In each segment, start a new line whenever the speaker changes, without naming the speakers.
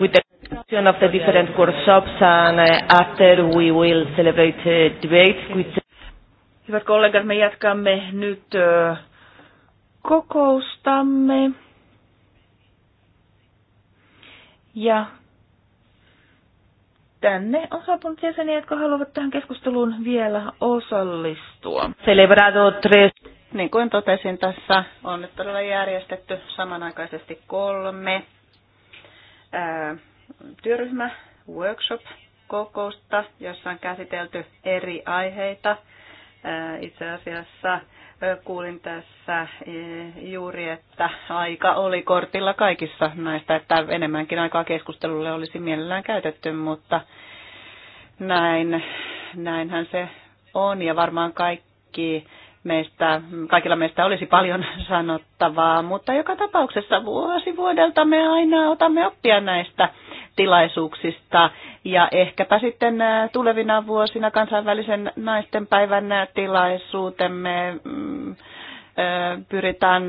with the presentation of the different workshops and uh, after we will celebrate uh, debate with
Hyvät kollegat, me jatkamme nyt uh, kokoustamme. Ja tänne on saapunut jäseniä, jotka haluavat tähän keskusteluun vielä osallistua. Celebrado tres.
Niin kuin totesin, tässä on nyt todella järjestetty samanaikaisesti kolme työryhmä workshop-kokousta, jossa on käsitelty eri aiheita. Itse asiassa kuulin tässä juuri, että aika oli kortilla kaikissa näistä, että enemmänkin aikaa keskustelulle olisi mielellään käytetty, mutta näin, näinhän se on ja varmaan kaikki meistä, kaikilla meistä olisi paljon sanottavaa, mutta joka tapauksessa vuosi vuodelta me aina otamme oppia näistä tilaisuuksista ja ehkäpä sitten tulevina vuosina kansainvälisen naisten päivän tilaisuutemme mm, pyritään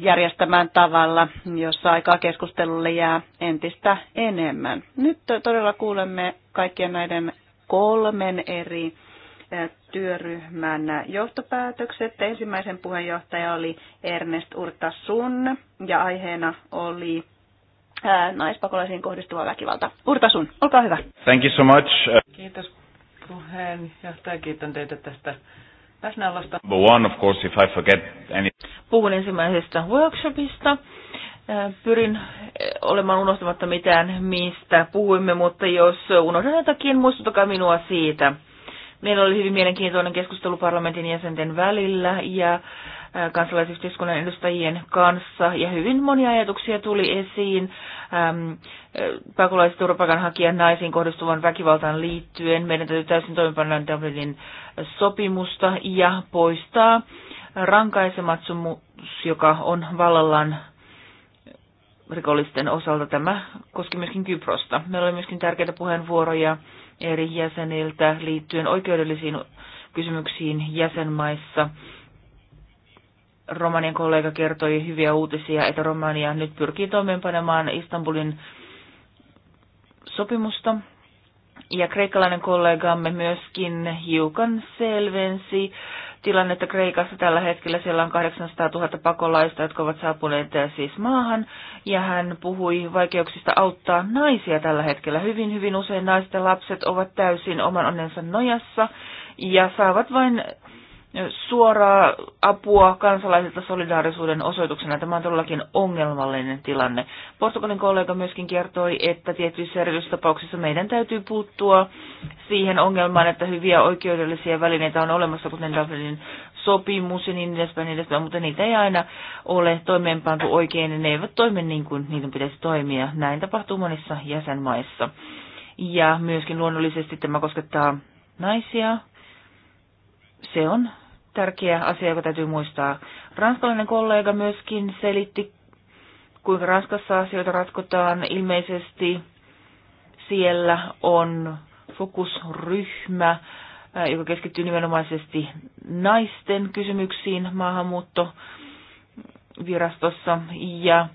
järjestämään tavalla, jossa aikaa keskustelulle jää entistä enemmän. Nyt todella kuulemme kaikkien näiden kolmen eri työryhmän johtopäätökset. Ensimmäisen puheenjohtaja oli Ernest Sun ja aiheena oli äh, naispakolaisiin kohdistuva väkivalta. Sun, olkaa hyvä.
Thank you so much.
Kiitos puheenjohtaja, kiitän teitä tästä
läsnäolosta. One, of course, if I forget any... Puhun ensimmäisestä workshopista. Äh, pyrin äh, olemaan unohtamatta mitään, mistä puhuimme, mutta jos unohdan jotakin, muistutakaa minua siitä. Meillä oli hyvin mielenkiintoinen keskustelu parlamentin jäsenten välillä ja äh, kansalaisyhteiskunnan edustajien kanssa ja hyvin monia ajatuksia tuli esiin ähm, äh, pakolaiset turvapaikanhakijan naisiin kohdistuvan väkivaltaan liittyen. Meidän täytyy täysin toimipanna Dublinin sopimusta ja poistaa rankaisematsumus, joka on vallallaan rikollisten osalta. Tämä koski myöskin Kyprosta. Meillä oli myöskin tärkeitä puheenvuoroja eri jäseniltä liittyen oikeudellisiin kysymyksiin jäsenmaissa. Romanian kollega kertoi hyviä uutisia, että Romania nyt pyrkii toimeenpanemaan Istanbulin sopimusta. Ja kreikkalainen kollegamme myöskin hiukan selvensi tilannetta Kreikassa tällä hetkellä. Siellä on 800 000 pakolaista, jotka ovat saapuneet eh, siis maahan. Ja hän puhui vaikeuksista auttaa naisia tällä hetkellä. Hyvin, hyvin usein naiset ja lapset ovat täysin oman onnensa nojassa ja saavat vain suoraa apua kansalaisilta solidaarisuuden osoituksena. Tämä on todellakin ongelmallinen tilanne. Portugalin kollega myöskin kertoi, että tietyissä erityistapauksissa meidän täytyy puuttua siihen ongelmaan, että hyviä oikeudellisia välineitä on olemassa, kuten Dublinin sopimus ja niin edespäin, niin edespäin, mutta niitä ei aina ole toimeenpantu oikein, ja ne eivät toimi niin kuin niiden pitäisi toimia. Näin tapahtuu monissa jäsenmaissa. Ja myöskin luonnollisesti tämä koskettaa naisia. Se on tärkeä asia, joka täytyy muistaa. Ranskalainen kollega myöskin selitti, kuinka Ranskassa asioita ratkotaan. Ilmeisesti siellä on fokusryhmä, äh, joka keskittyy nimenomaisesti naisten kysymyksiin maahanmuuttovirastossa. Ja äh,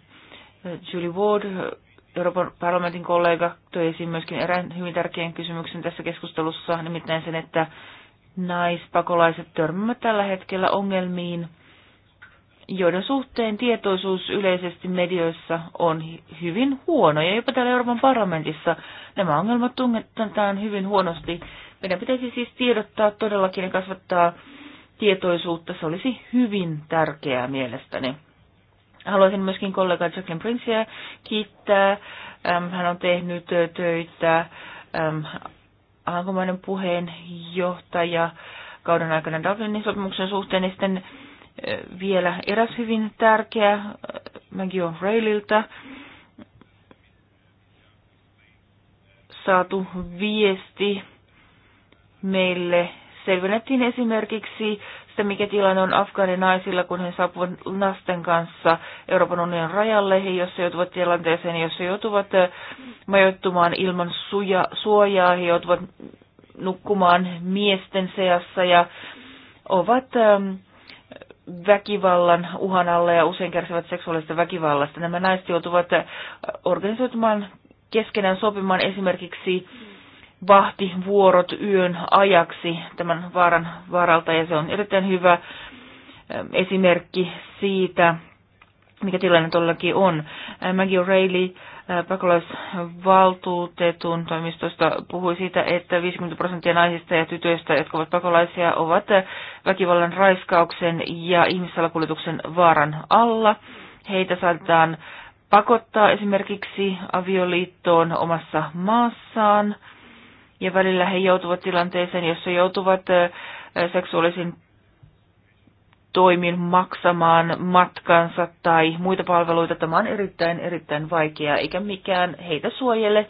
Julie Ward, Euroopan parlamentin kollega, toi esiin myöskin erään hyvin tärkeän kysymyksen tässä keskustelussa, nimittäin sen, että naispakolaiset törmäävät tällä hetkellä ongelmiin, joiden suhteen tietoisuus yleisesti medioissa on hyvin huono. Ja jopa täällä Euroopan parlamentissa nämä ongelmat tunnetaan hyvin huonosti. Meidän pitäisi siis tiedottaa todellakin ja kasvattaa tietoisuutta. Se olisi hyvin tärkeää mielestäni. Haluaisin myöskin kollega Jacqueline Princeä kiittää. Hän on tehnyt töitä Alankomainen puheenjohtaja kauden aikana Dublinin sopimuksen suhteen ja sitten vielä eräs hyvin tärkeä Maggie O'Reillyltä saatu viesti meille selvennettiin esimerkiksi että mikä tilanne on afgaaninaisilla, kun he saapuvat lasten kanssa Euroopan unionin rajalle, he jos he joutuvat tilanteeseen, jos he joutuvat eh, majoittumaan ilman suja, suojaa, he joutuvat nukkumaan miesten seassa ja ovat eh, väkivallan uhan alla ja usein kärsivät seksuaalista väkivallasta. Nämä naiset joutuvat eh, organisoitumaan keskenään sopimaan esimerkiksi vahtivuorot yön ajaksi tämän vaaran varalta ja se on erittäin hyvä eh, esimerkki siitä, mikä tilanne todellakin on. Eh, Maggie O'Reilly eh, pakolaisvaltuutetun toimistosta puhui siitä, että 50 prosenttia naisista ja tytöistä, jotka ovat pakolaisia, ovat väkivallan raiskauksen ja ihmissalakuljetuksen vaaran alla. Heitä saatetaan pakottaa esimerkiksi avioliittoon omassa maassaan ja välillä he joutuvat tilanteeseen, jossa joutuvat seksuaalisin toimin maksamaan matkansa tai muita palveluita. Tämä on erittäin, erittäin vaikeaa, eikä mikään heitä suojele.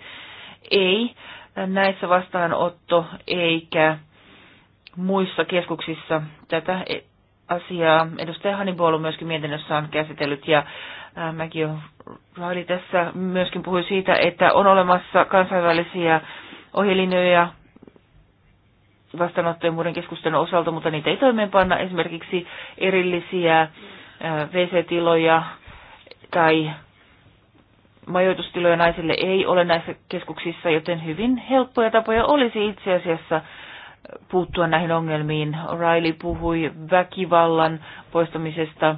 Ei näissä vastaanotto eikä muissa keskuksissa tätä e- asiaa. Edustaja Hannibal on myöskin mietinnössään käsitellyt ja Mäkin Raili tässä myöskin puhui siitä, että on olemassa kansainvälisiä ohjelinjoja vastaanottojen muiden keskustelun osalta, mutta niitä ei toimeenpanna esimerkiksi erillisiä WC-tiloja tai majoitustiloja naisille ei ole näissä keskuksissa, joten hyvin helppoja tapoja olisi itse asiassa puuttua näihin ongelmiin. Riley puhui väkivallan poistamisesta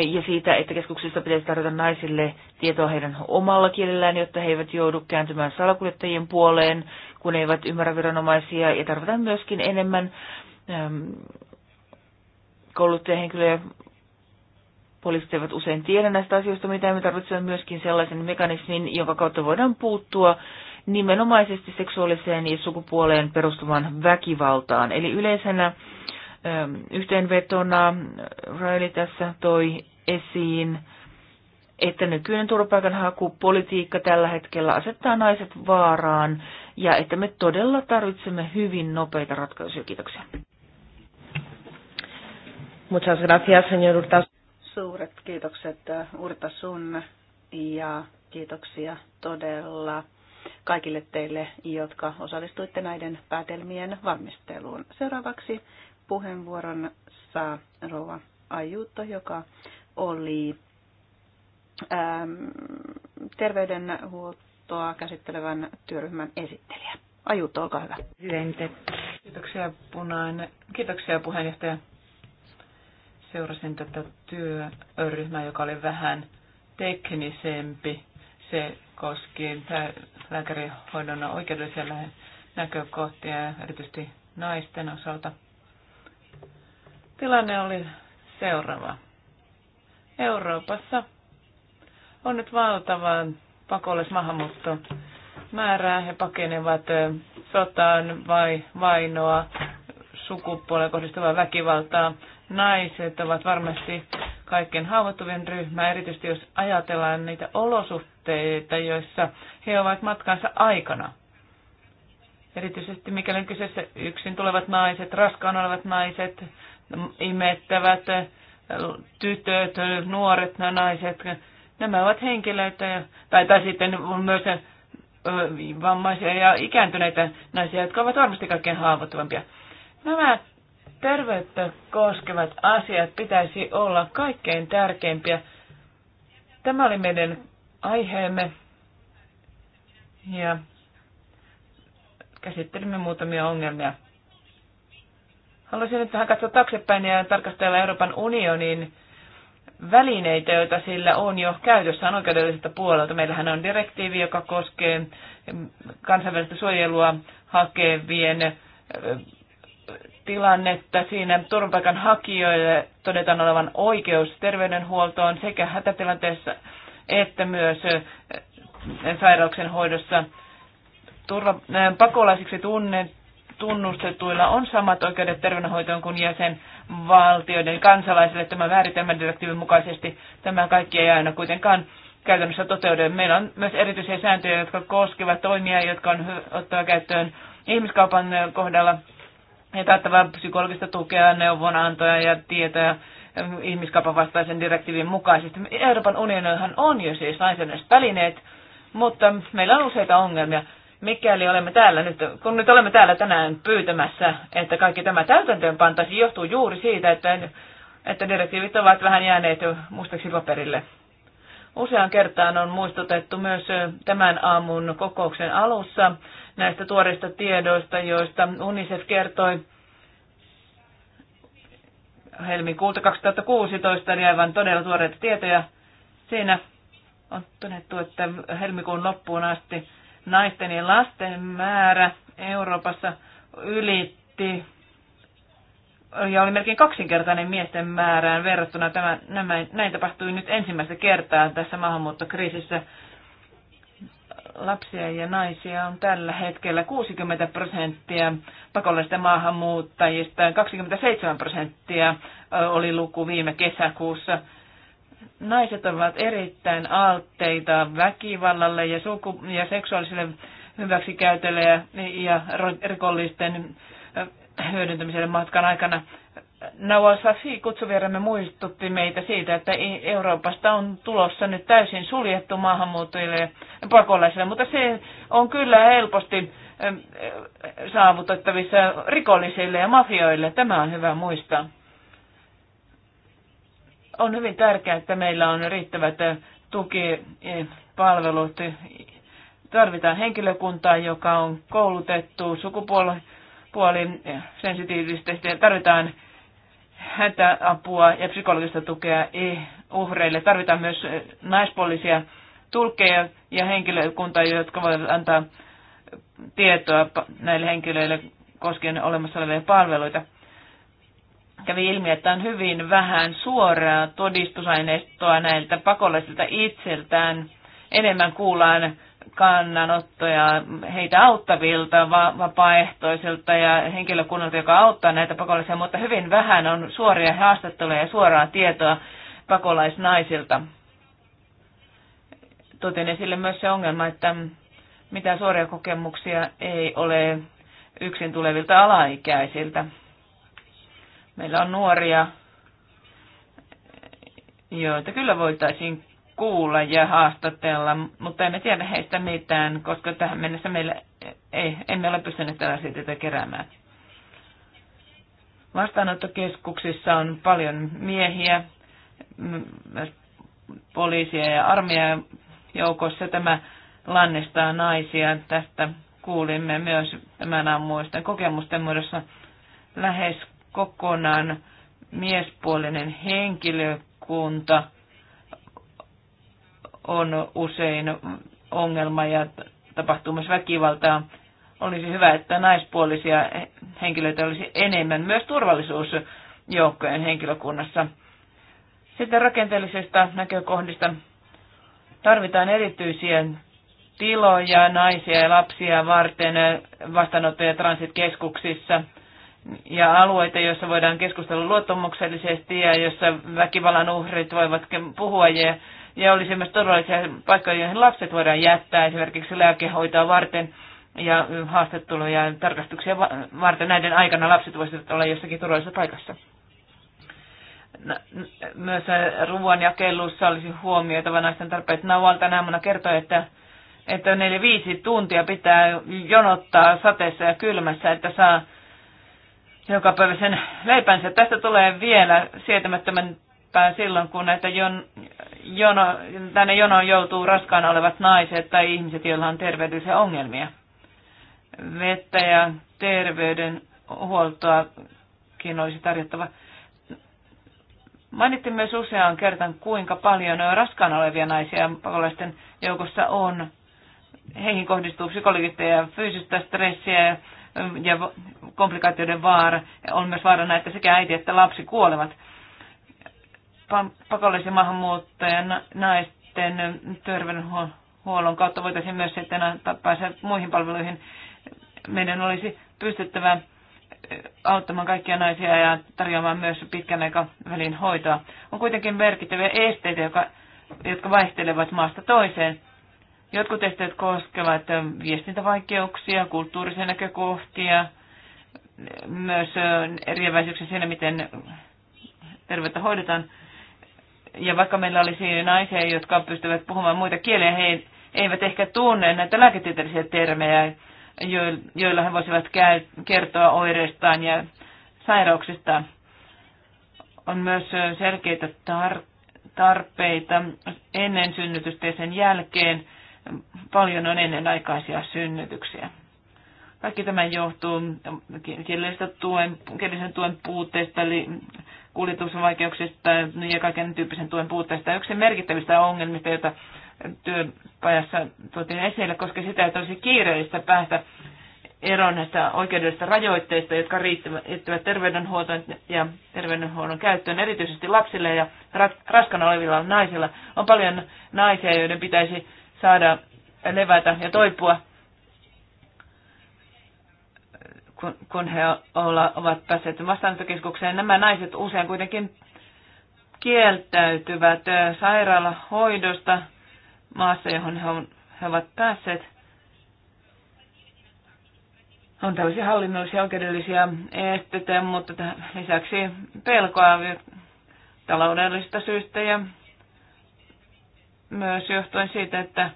ja siitä, että keskuksista pitäisi tarjota naisille tietoa heidän omalla kielellään, jotta he eivät joudu kääntymään salakuljettajien puoleen, kun he eivät ymmärrä viranomaisia, ja tarvitaan myöskin enemmän äm, kouluttajahenkilöjä. Poliisit eivät usein tiedä näistä asioista, mitä me tarvitsemme myöskin sellaisen mekanismin, jonka kautta voidaan puuttua nimenomaisesti seksuaaliseen ja sukupuoleen perustuvaan väkivaltaan. Eli yleisenä yhteenvetona Raili tässä toi esiin, että nykyinen turvapaikanhakupolitiikka tällä hetkellä asettaa naiset vaaraan ja että me todella tarvitsemme hyvin nopeita ratkaisuja. Kiitoksia. Muchas gracias, señor Urtas.
Suuret kiitokset äh, Urta sun ja kiitoksia todella kaikille teille, jotka osallistuitte näiden päätelmien valmisteluun. Seuraavaksi puheenvuoron saa Rova Ajuutto, joka oli äm, terveydenhuoltoa käsittelevän työryhmän esittelijä. Ajuutto, olkaa hyvä.
Kiitoksia, punainen. Kiitoksia puheenjohtaja. Seurasin tätä työryhmää, joka oli vähän teknisempi. Se koski lääkärihoidon oikeudellisia näkökohtia, erityisesti naisten osalta – Tilanne oli seuraava. Euroopassa on nyt valtava pakolaismaahanmuutto määrää. He pakenevat sotaan vai vainoa, sukupuoleen kohdistuvaa väkivaltaa. Naiset ovat varmasti kaikkein haavoittuvin ryhmä, erityisesti jos ajatellaan niitä olosuhteita, joissa he ovat matkansa aikana. Erityisesti mikäli on kyseessä yksin tulevat naiset, raskaan olevat naiset, imettävät tytöt, nuoret naiset, nämä ovat henkilöitä, tai, tai sitten on myös vammaisia ja ikääntyneitä naisia, jotka ovat varmasti kaikkein haavoittuvampia. Nämä terveyttä koskevat asiat pitäisi olla kaikkein tärkeimpiä. Tämä oli meidän aiheemme ja käsittelimme muutamia ongelmia. Haluaisin nyt tähän katsoa taaksepäin ja tarkastella Euroopan unionin välineitä, joita sillä on jo käytössä on puolelta. Meillähän on direktiivi, joka koskee kansainvälistä suojelua hakevien tilannetta. Siinä turvapaikan hakijoille todetaan olevan oikeus terveydenhuoltoon sekä hätätilanteessa että myös sairauksen hoidossa. Turva, pakolaisiksi tunnet, tunnustetuilla on samat oikeudet terveydenhoitoon kuin jäsenvaltioiden kansalaisille tämän määritelmän direktiivin mukaisesti. Tämä kaikki ei aina kuitenkaan käytännössä toteudu. Meillä on myös erityisiä sääntöjä, jotka koskevat toimia, jotka on ottava käyttöön ihmiskaupan kohdalla ja taattavaa psykologista tukea, neuvonantoja ja tietoja ihmiskaupan vastaisen direktiivin mukaisesti. Euroopan unionillahan on jo siis lainsäädännössä välineet, mutta meillä on useita ongelmia mikäli olemme täällä nyt, kun nyt olemme täällä tänään pyytämässä, että kaikki tämä täytäntöön pantaisi, johtuu juuri siitä, että, että direktiivit ovat vähän jääneet mustaksi paperille. Usean kertaan on muistutettu myös tämän aamun kokouksen alussa näistä tuoreista tiedoista, joista UNICEF kertoi helmikuulta 2016, eli niin aivan todella tuoreita tietoja. Siinä on todettu, että helmikuun loppuun asti naisten ja lasten määrä Euroopassa ylitti ja oli melkein kaksinkertainen miesten määrään verrattuna. Tämä, nämä, näin tapahtui nyt ensimmäistä kertaa tässä maahanmuuttokriisissä. Lapsia ja naisia on tällä hetkellä 60 prosenttia pakollisista maahanmuuttajista, 27 prosenttia oli luku viime kesäkuussa. Naiset ovat erittäin altteita väkivallalle ja, suku- ja seksuaaliselle hyväksikäytölle ja, ja rikollisten hyödyntämiselle matkan aikana. Nawal Safi kutsuvieremme muistutti meitä siitä, että Euroopasta on tulossa nyt täysin suljettu maahanmuuttajille ja pakolaisille, mutta se on kyllä helposti saavutettavissa rikollisille ja mafioille. Tämä on hyvä muistaa. On hyvin tärkeää, että meillä on riittävät eh, tukipalvelut. Eh, Tarvitaan henkilökuntaa, joka on koulutettu sukupuolin eh, sensitiivisesti. Tarvitaan hätäapua ja psykologista tukea uhreille. Tarvitaan myös naispuolisia tulkkeja ja henkilökuntaa, jotka voivat antaa tietoa näille henkilöille koskien olemassa olevia palveluita kävi ilmi, että on hyvin vähän suoraa todistusaineistoa näiltä pakolaisilta itseltään. Enemmän kuullaan kannanottoja heitä auttavilta, vapaaehtoisilta ja henkilökunnalta, joka auttaa näitä pakolaisia, mutta hyvin vähän on suoria haastatteluja ja suoraa tietoa pakolaisnaisilta. Tuotin esille myös se ongelma, että mitä suoria kokemuksia ei ole yksin tulevilta alaikäisiltä. Meillä on nuoria, joita kyllä voitaisiin kuulla ja haastatella, mutta emme tiedä heistä mitään, koska tähän mennessä meillä ei, emme ole pystyneet tällaisia tätä keräämään. Vastaanottokeskuksissa on paljon miehiä, myös poliisia ja armeija joukossa. Tämä lannistaa naisia. Tästä kuulimme myös tämän aamuisten kokemusten muodossa lähes kokonaan miespuolinen henkilökunta on usein ongelma ja tapahtuu myös väkivaltaa. Olisi hyvä, että naispuolisia henkilöitä olisi enemmän myös turvallisuusjoukkojen henkilökunnassa. Sitten rakenteellisesta näkökohdista tarvitaan erityisiä tiloja naisia ja lapsia varten vastaanotto- ja transitkeskuksissa – ja alueita, joissa voidaan keskustella luottamuksellisesti ja joissa väkivallan uhrit voivat puhua ja, ja olisi myös todellisia paikkoja, joihin lapset voidaan jättää esimerkiksi lääkehoitoa varten ja haastatteluja ja tarkastuksia varten. Näiden aikana lapset voisivat olla jossakin turvallisessa paikassa. Myös äh, ruoan jakelussa olisi huomioitava naisten tarpeet. Naval tänä aamuna kertoi, että että 4-5 tuntia pitää jonottaa sateessa ja kylmässä, että saa joka sen leipänsä. Tästä tulee vielä sietämättömämpää silloin, kun näitä jon, jono, tänne jonoon joutuu raskaana olevat naiset tai ihmiset, joilla on terveydellisiä ongelmia. Vettä ja terveydenhuoltoakin olisi tarjottava. Mainittiin myös useaan kertaan, kuinka paljon raskaana olevia naisia pakolaisten joukossa on. Heihin kohdistuu psykologista ja fyysistä stressiä ja ja komplikaatioiden vaara. On myös vaarana, että sekä äiti että lapsi kuolevat. Pakollisen maahanmuuttajan naisten terveydenhuollon kautta voitaisiin myös sitten päästä muihin palveluihin. Meidän olisi pystyttävä auttamaan kaikkia naisia ja tarjoamaan myös pitkän aikavälin hoitoa. On kuitenkin merkittäviä esteitä, jotka vaihtelevat maasta toiseen Jotkut tehtävät koskevat viestintävaikeuksia, kulttuurisia näkökohtia, myös eriäväisyyksiä siinä, miten terveyttä hoidetaan. Ja vaikka meillä olisi naisia, jotka pystyvät puhumaan muita kieliä, he eivät ehkä tunne näitä lääketieteellisiä termejä, joilla he voisivat kertoa oireistaan ja sairauksista, On myös selkeitä tarpeita ennen synnytystä ja sen jälkeen paljon on ennenaikaisia synnytyksiä. Kaikki tämä johtuu kielellisestä tuen, kielisen tuen puutteesta, eli kuljetusvaikeuksista ja kaiken tyyppisen tuen puutteesta. Yksi merkittävistä ongelmista, joita työpajassa tuotiin esille, koska sitä, että olisi kiireellistä päästä eroon näistä oikeudellisista rajoitteista, jotka riittävät terveydenhuoltoon ja terveydenhuollon käyttöön, erityisesti lapsille ja raskana olevilla naisilla. On paljon naisia, joiden pitäisi saada levätä ja toipua, kun, kun he olla, ovat päässeet vastaanottokeskukseen. Nämä naiset usein kuitenkin kieltäytyvät sairaalahoidosta maassa, johon he, on, he ovat päässeet. On tällaisia hallinnollisia oikeudellisia esteitä, mutta lisäksi pelkoa taloudellisista syistä ja myös johtuen siitä, että,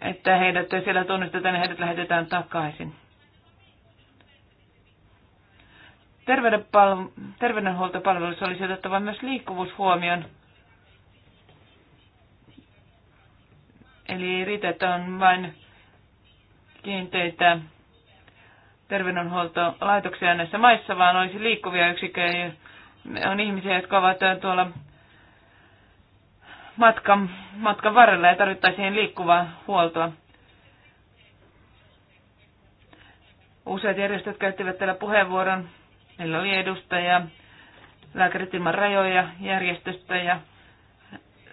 että heidät siellä tunnistetaan niin heidät lähetetään takaisin. Terveydenhuoltopalveluissa olisi otettava myös liikkuvuus huomioon. Eli ei riitä, että on vain kiinteitä terveydenhuoltolaitoksia näissä maissa, vaan olisi liikkuvia yksiköjä, On ihmisiä, jotka ovat tuolla matkan, matkan varrella ja tarvittaisiin liikkuvaa huoltoa. Useat järjestöt käyttivät täällä puheenvuoron. Meillä oli edustaja Lääkärit ilman rajoja järjestöstä ja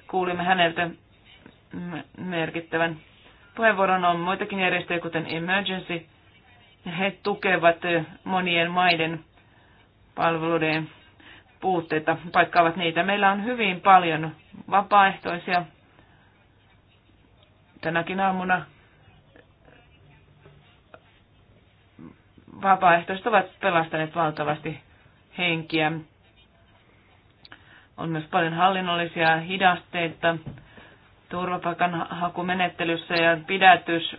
kuulimme häneltä merkittävän puheenvuoron. On muitakin järjestöjä, kuten Emergency. He tukevat monien maiden palveluiden puutteita, paikkaavat niitä. Meillä on hyvin paljon vapaaehtoisia. Tänäkin aamuna vapaaehtoiset ovat pelastaneet valtavasti henkiä. On myös paljon hallinnollisia hidasteita turvapaikanhakumenettelyssä ja pidätys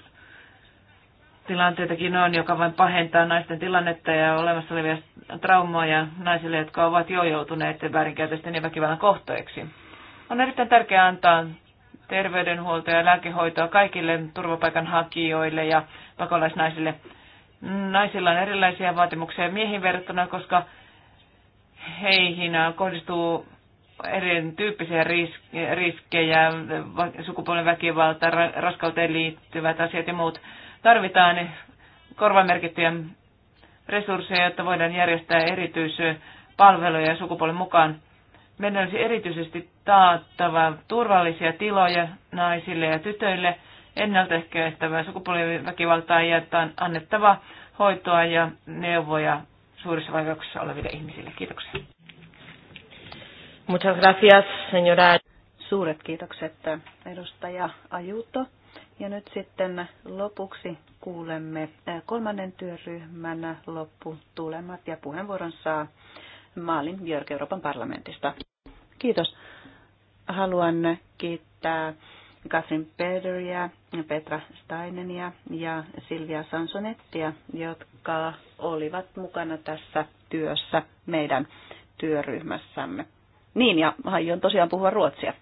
tilanteitakin on, joka vain pahentaa naisten tilannetta ja olemassa olevia traumoja naisille, jotka ovat jo joutuneet väärinkäytösten ja väkivallan kohteeksi. On erittäin tärkeää antaa terveydenhuoltoa ja lääkehoitoa kaikille turvapaikanhakijoille ja pakolaisnaisille. Naisilla on erilaisia vaatimuksia miehiin verrattuna, koska heihin kohdistuu erityyppisiä riskejä, sukupuolen väkivalta, raskauteen liittyvät asiat ja muut. Tarvitaan korvamerkittyjä resursseja, jotta voidaan järjestää erityispalveluja sukupuolen mukaan. Meidän olisi erityisesti taattava turvallisia tiloja naisille ja tytöille, ennaltaehkäistävää sukupuoliväkivaltaa ja annettava hoitoa ja neuvoja suurissa vaikeuksissa oleville ihmisille. Kiitoksia.
Muchas gracias, señora. Suuret kiitokset, edustaja Ajuto. Ja nyt sitten lopuksi kuulemme eh, kolmannen työryhmän lopputulemat ja puheenvuoron saa Maalin Björk Euroopan parlamentista. Kiitos. Haluan kiittää Katrin Pederiä, Petra Steinenia ja Silvia Sansonettia, jotka olivat mukana tässä työssä meidän työryhmässämme. Niin, ja aion tosiaan puhua ruotsia.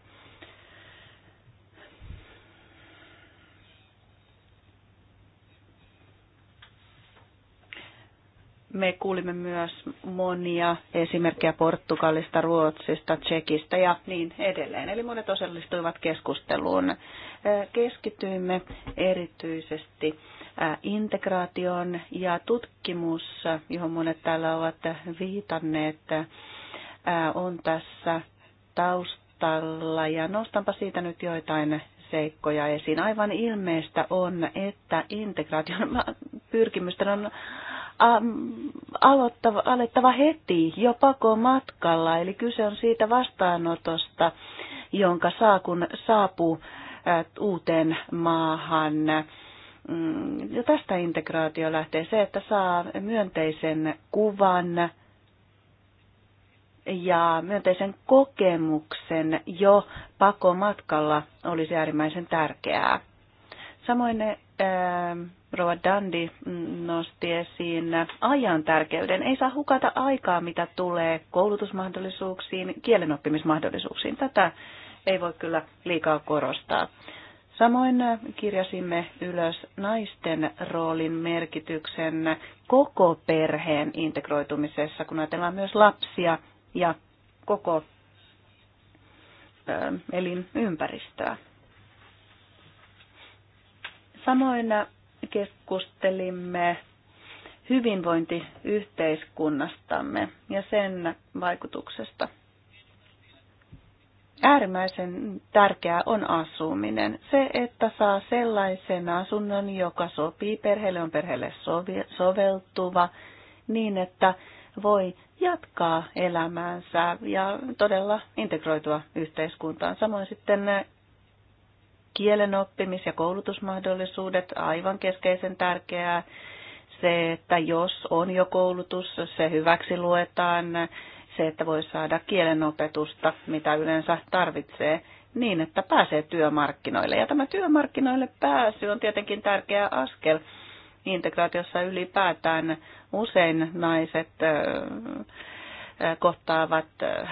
Me kuulimme myös monia esimerkkejä Portugalista, Ruotsista, Tsekistä ja niin edelleen. Eli monet osallistuivat keskusteluun. Keskityimme erityisesti integraation ja tutkimus, johon monet täällä ovat viitanneet, on tässä taustalla. Ja nostanpa siitä nyt joitain seikkoja esiin. Aivan ilmeistä on, että integraation pyrkimysten on aloittava, alettava heti jo pakomatkalla, eli kyse on siitä vastaanotosta, jonka saa kun saapuu uuteen maahan. Mm, ja tästä integraatio lähtee se, että saa myönteisen kuvan ja myönteisen kokemuksen jo pakomatkalla olisi äärimmäisen tärkeää. Samoin Rova Dandi nosti esiin ajan tärkeyden. Ei saa hukata aikaa, mitä tulee koulutusmahdollisuuksiin, kielenoppimismahdollisuuksiin. Tätä ei voi kyllä liikaa korostaa. Samoin kirjasimme ylös naisten roolin merkityksen koko perheen integroitumisessa, kun ajatellaan myös lapsia ja koko elinympäristöä. Samoin keskustelimme hyvinvointiyhteiskunnastamme ja sen vaikutuksesta. Äärimmäisen tärkeää on asuminen. Se, että saa sellaisen asunnon, joka sopii perheelle, on perheelle soveltuva, niin että voi jatkaa elämäänsä ja todella integroitua yhteiskuntaan. Samoin sitten kielen oppimis- ja koulutusmahdollisuudet, aivan keskeisen tärkeää. Se, että jos on jo koulutus, se hyväksi luetaan. Se, että voi saada kielenopetusta, mitä yleensä tarvitsee, niin että pääsee työmarkkinoille. Ja tämä työmarkkinoille pääsy on tietenkin tärkeä askel integraatiossa ylipäätään. Usein naiset kohtaavat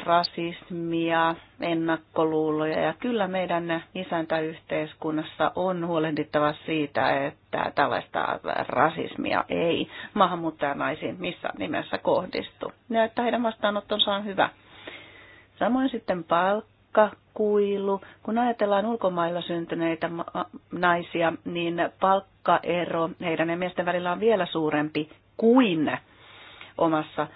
rasismia, ennakkoluuloja ja kyllä meidän isäntäyhteiskunnassa on huolehdittava siitä, että tällaista rasismia ei maahanmuuttajanaisiin missään nimessä kohdistu ja että heidän vastaanottonsa on hyvä. Samoin sitten palkka, kuilu. Kun ajatellaan ulkomailla syntyneitä naisia, niin palkkaero heidän ja miesten välillä on vielä suurempi kuin omassa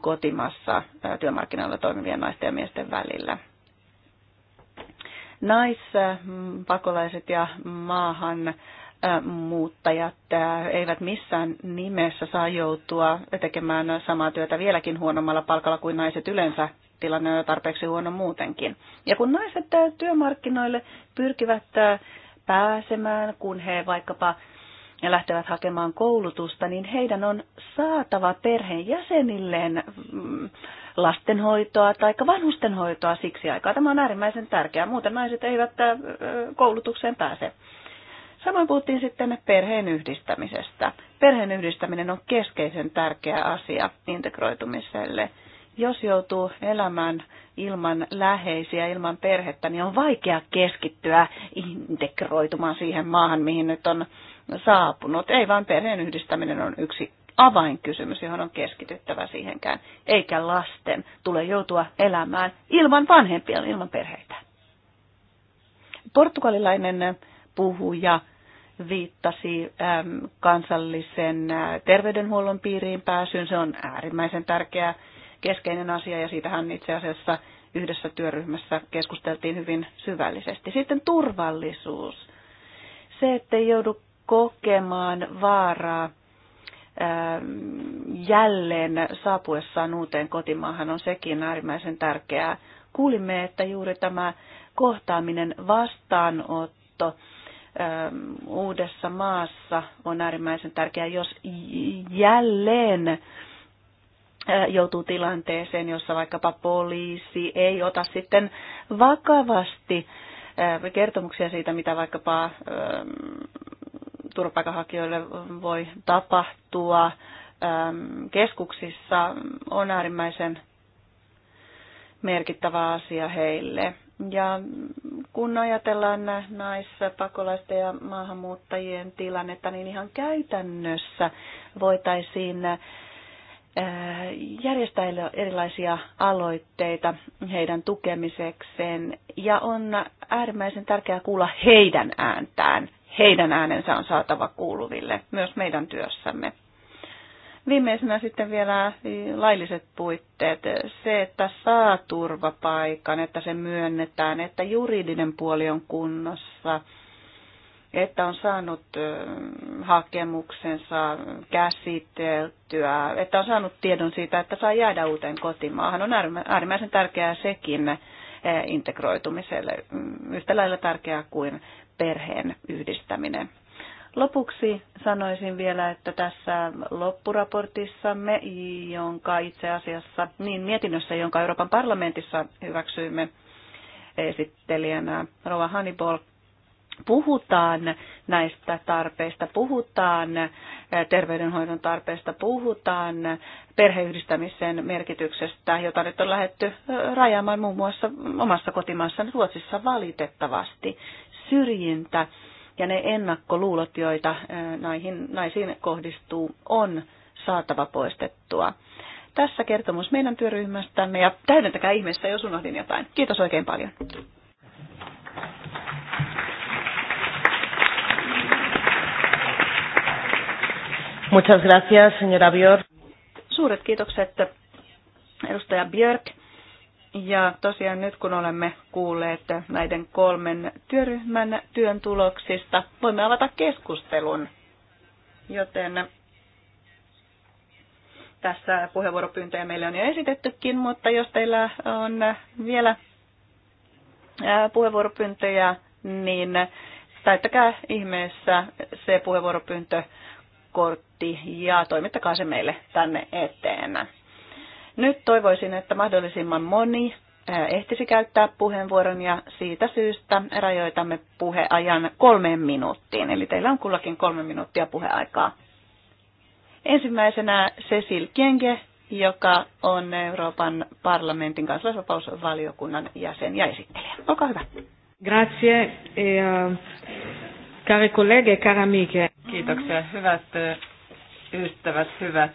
kotimassa työmarkkinoilla toimivien naisten ja miesten välillä. Naispakolaiset ja maahan muuttajat eivät missään nimessä saa joutua tekemään samaa työtä vieläkin huonommalla palkalla kuin naiset yleensä. Tilanne on jo tarpeeksi huono muutenkin. Ja kun naiset työmarkkinoille pyrkivät pääsemään, kun he vaikkapa ja lähtevät hakemaan koulutusta, niin heidän on saatava perheen jäsenilleen mm, lastenhoitoa tai vanhustenhoitoa siksi aikaa. Tämä on äärimmäisen tärkeää, muuten naiset eivät äh, koulutukseen pääse. Samoin puhuttiin sitten perheen yhdistämisestä. Perheen yhdistäminen on keskeisen tärkeä asia integroitumiselle. Jos joutuu elämään ilman läheisiä, ilman perhettä, niin on vaikea keskittyä integroitumaan siihen maahan, mihin nyt on saapunut. Ei vaan perheen yhdistäminen on yksi avainkysymys, johon on keskityttävä siihenkään. Eikä lasten tule joutua elämään ilman vanhempia, ilman perheitä. Portugalilainen puhuja viittasi äm, kansallisen ä, terveydenhuollon piiriin pääsyyn. Se on äärimmäisen tärkeä keskeinen asia ja siitähän itse asiassa yhdessä työryhmässä keskusteltiin hyvin syvällisesti. Sitten turvallisuus. Se, ettei joudu kokemaan vaaraa ähm, jälleen saapuessaan uuteen kotimaahan on sekin äärimmäisen tärkeää. Kuulimme, että juuri tämä kohtaaminen vastaanotto ähm, uudessa maassa on äärimmäisen tärkeää, jos jälleen äh, joutuu tilanteeseen, jossa vaikkapa poliisi ei ota sitten vakavasti äh, kertomuksia siitä, mitä vaikkapa ähm, turvapaikanhakijoille voi tapahtua ähm, keskuksissa on äärimmäisen merkittävä asia heille. Ja kun ajatellaan pakolaisten ja maahanmuuttajien tilannetta, niin ihan käytännössä voitaisiin äh, järjestää erilaisia aloitteita heidän tukemisekseen. Ja on äärimmäisen tärkeää kuulla heidän ääntään heidän äänensä on saatava kuuluville myös meidän työssämme. Viimeisenä sitten vielä lailliset puitteet. Se, että saa turvapaikan, että se myönnetään, että juridinen puoli on kunnossa, että on saanut hakemuksensa käsiteltyä, että on saanut tiedon siitä, että saa jäädä uuteen kotimaahan. On äärimmäisen tärkeää sekin integroitumiselle mm, yhtä lailla tärkeää kuin perheen yhdistäminen. Lopuksi sanoisin vielä, että tässä loppuraportissamme, jonka itse asiassa, niin mietinnössä, jonka Euroopan parlamentissa hyväksyimme esittelijänä Rova Hannibal, puhutaan näistä tarpeista, puhutaan terveydenhoidon tarpeista, puhutaan perheyhdistämisen merkityksestä, jota nyt on lähetty rajaamaan muun muassa omassa kotimaassa Ruotsissa valitettavasti syrjintä ja ne ennakkoluulot, joita näihin, naisiin kohdistuu, on saatava poistettua. Tässä kertomus meidän työryhmästämme ja täydentäkää ihmeessä, jos unohdin jotain. Kiitos oikein paljon. Muchas gracias, señora Björk. Suuret kiitokset, edustaja Björk. Ja tosiaan nyt kun olemme kuulleet näiden kolmen työryhmän työn tuloksista, voimme avata keskustelun. Joten tässä puheenvuoropyyntöjä meille on jo esitettykin, mutta jos teillä on vielä puheenvuoropyyntöjä, niin täyttäkää ihmeessä se puheenvuoropyyntökortti ja toimittakaa se meille tänne eteen. Nyt toivoisin, että mahdollisimman moni ehtisi käyttää puheenvuoron ja siitä syystä rajoitamme puheajan kolmeen minuuttiin. Eli teillä on kullakin kolme minuuttia puheaikaa. Ensimmäisenä Cecil Kienge, joka on Euroopan parlamentin kansalaisvapausvaliokunnan jäsen ja esittelijä.
Olkaa hyvä. Grazie, e, eh, care colleghe, e cara amiche. Kiitoksia,
hyvät eh,
ystävät, hyvät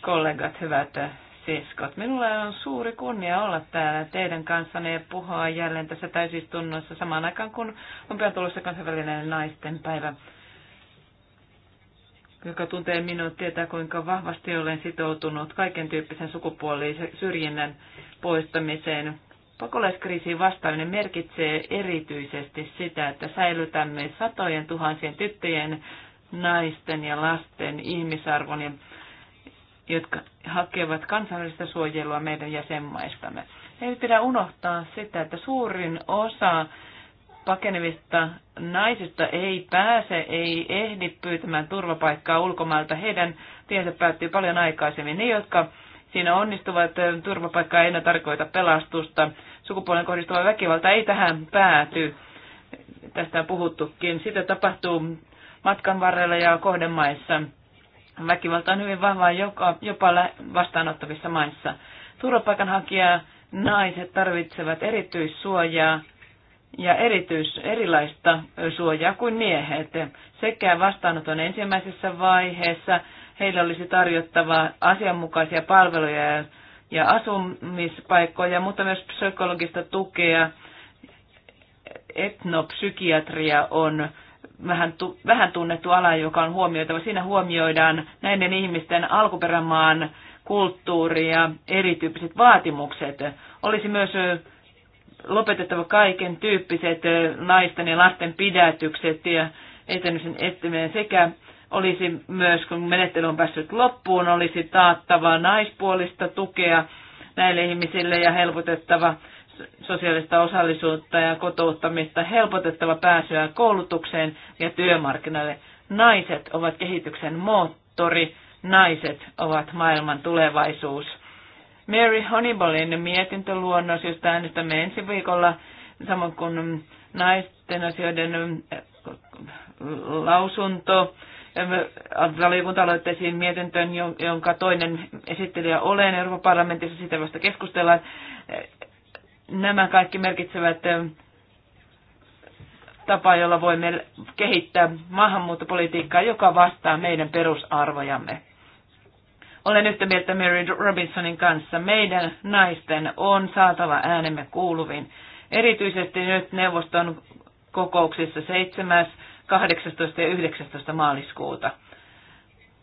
kollegat, hyvät siskot. Minulla on suuri kunnia olla täällä teidän kanssanne ja puhua jälleen tässä täysistunnossa samaan aikaan, kun on pian tulossa kansainvälinen naisten päivä. Joka tuntee minut, tietää kuinka vahvasti olen sitoutunut kaiken tyyppisen syrjinnän poistamiseen. Pakolaiskriisiin vastaaminen merkitsee erityisesti sitä, että säilytämme satojen tuhansien tyttöjen, naisten ja lasten ihmisarvon ja jotka hakevat kansallista suojelua meidän jäsenmaistamme. Ei pidä unohtaa sitä, että suurin osa pakenevista naisista ei pääse, ei ehdi pyytämään turvapaikkaa ulkomailta. Heidän tiensä päättyy paljon aikaisemmin. Ne, jotka siinä onnistuvat, turvapaikkaa ei enää tarkoita pelastusta. Sukupuolen kohdistuva väkivalta ei tähän pääty. Tästä on puhuttukin. Sitä tapahtuu matkan varrella ja kohdemaissa. Väkivalta on hyvin vahvaa jopa vastaanottavissa maissa. Turvapaikanhakijaa naiset tarvitsevat erityissuojaa ja erityis, erilaista suojaa kuin miehet. Sekä vastaanoton ensimmäisessä vaiheessa heillä olisi tarjottava asianmukaisia palveluja ja asumispaikkoja, mutta myös psykologista tukea. Etnopsykiatria on vähän, tu, vähän tunnettu ala, joka on huomioitava. Siinä huomioidaan näiden ihmisten alkuperämaan kulttuuri ja erityyppiset vaatimukset. Olisi myös lopetettava kaiken tyyppiset naisten ja lasten pidätykset ja etenemisen etsiminen sekä olisi myös, kun menettely on päässyt loppuun, olisi taattava naispuolista tukea näille ihmisille ja helpotettava sosiaalista osallisuutta ja kotouttamista, helpotettava pääsyä koulutukseen ja työmarkkinoille. Naiset ovat kehityksen moottori, naiset ovat maailman tulevaisuus. Mary Honeyballin mietintöluonnos, josta äänestämme ensi viikolla, samoin kuin naisten asioiden eh, lausunto, eh, valiokunta-aloitteisiin mietintöön, jonka toinen esittelijä olen Euroopan parlamentissa, sitä vasta keskustellaan. Nämä kaikki merkitsevät tapa, jolla voimme kehittää maahanmuuttopolitiikkaa, joka vastaa meidän perusarvojamme. Olen yhtä mieltä Mary Robinsonin kanssa. Meidän naisten on saatava äänemme kuuluvin. Erityisesti nyt neuvoston kokouksissa 7., 18. ja 19. maaliskuuta.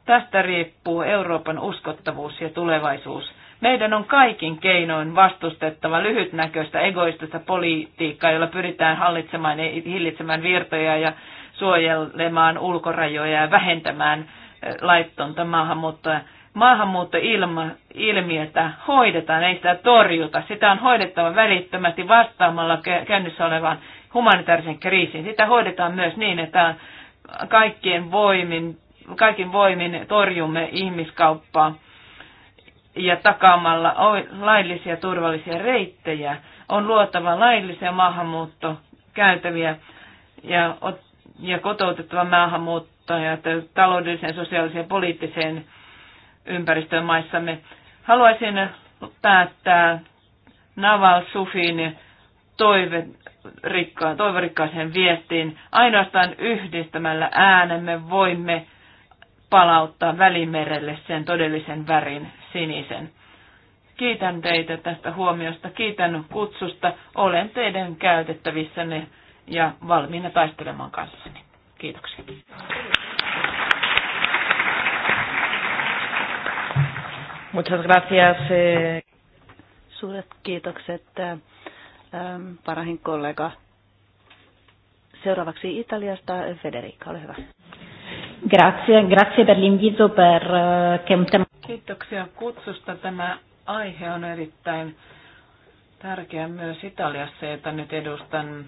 Tästä riippuu Euroopan uskottavuus ja tulevaisuus. Meidän on kaikin keinoin vastustettava lyhytnäköistä egoistista politiikkaa, jolla pyritään hallitsemaan ja hillitsemään virtoja ja suojelemaan ulkorajoja ja vähentämään eh, laittonta maahanmuuttoa. Maahanmuuttoilmiötä hoidetaan, ei sitä torjuta. Sitä on hoidettava välittömästi vastaamalla käynnissä olevaan humanitaarisen kriisin. Sitä hoidetaan myös niin, että kaikkien voimin, kaikin voimin torjumme ihmiskauppaa ja takaamalla laillisia turvallisia reittejä on luotava laillisia maahanmuuttokäytäviä ja, ja kotoutettava maahanmuuttajat taloudelliseen, sosiaaliseen ja poliittiseen ympäristöön maissamme. Haluaisin päättää Naval Sufin toive, rikka, toivorikkaaseen viestiin. Ainoastaan yhdistämällä äänemme voimme palauttaa Välimerelle sen todellisen värin sinisen. Kiitän teitä tästä huomiosta, kiitän kutsusta, olen teidän käytettävissänne ja valmiina taistelemaan kanssani. Kiitoksia.
Muchas gracias. Eh. Suuret kiitokset eh, ähm, parahin kollega. Seuraavaksi Italiasta Federica, ole hyvä. Grazie, grazie per l'invito per eh, che un tema
Kiitoksia kutsusta. Tämä aihe on erittäin tärkeä myös Italiassa, jota nyt edustan.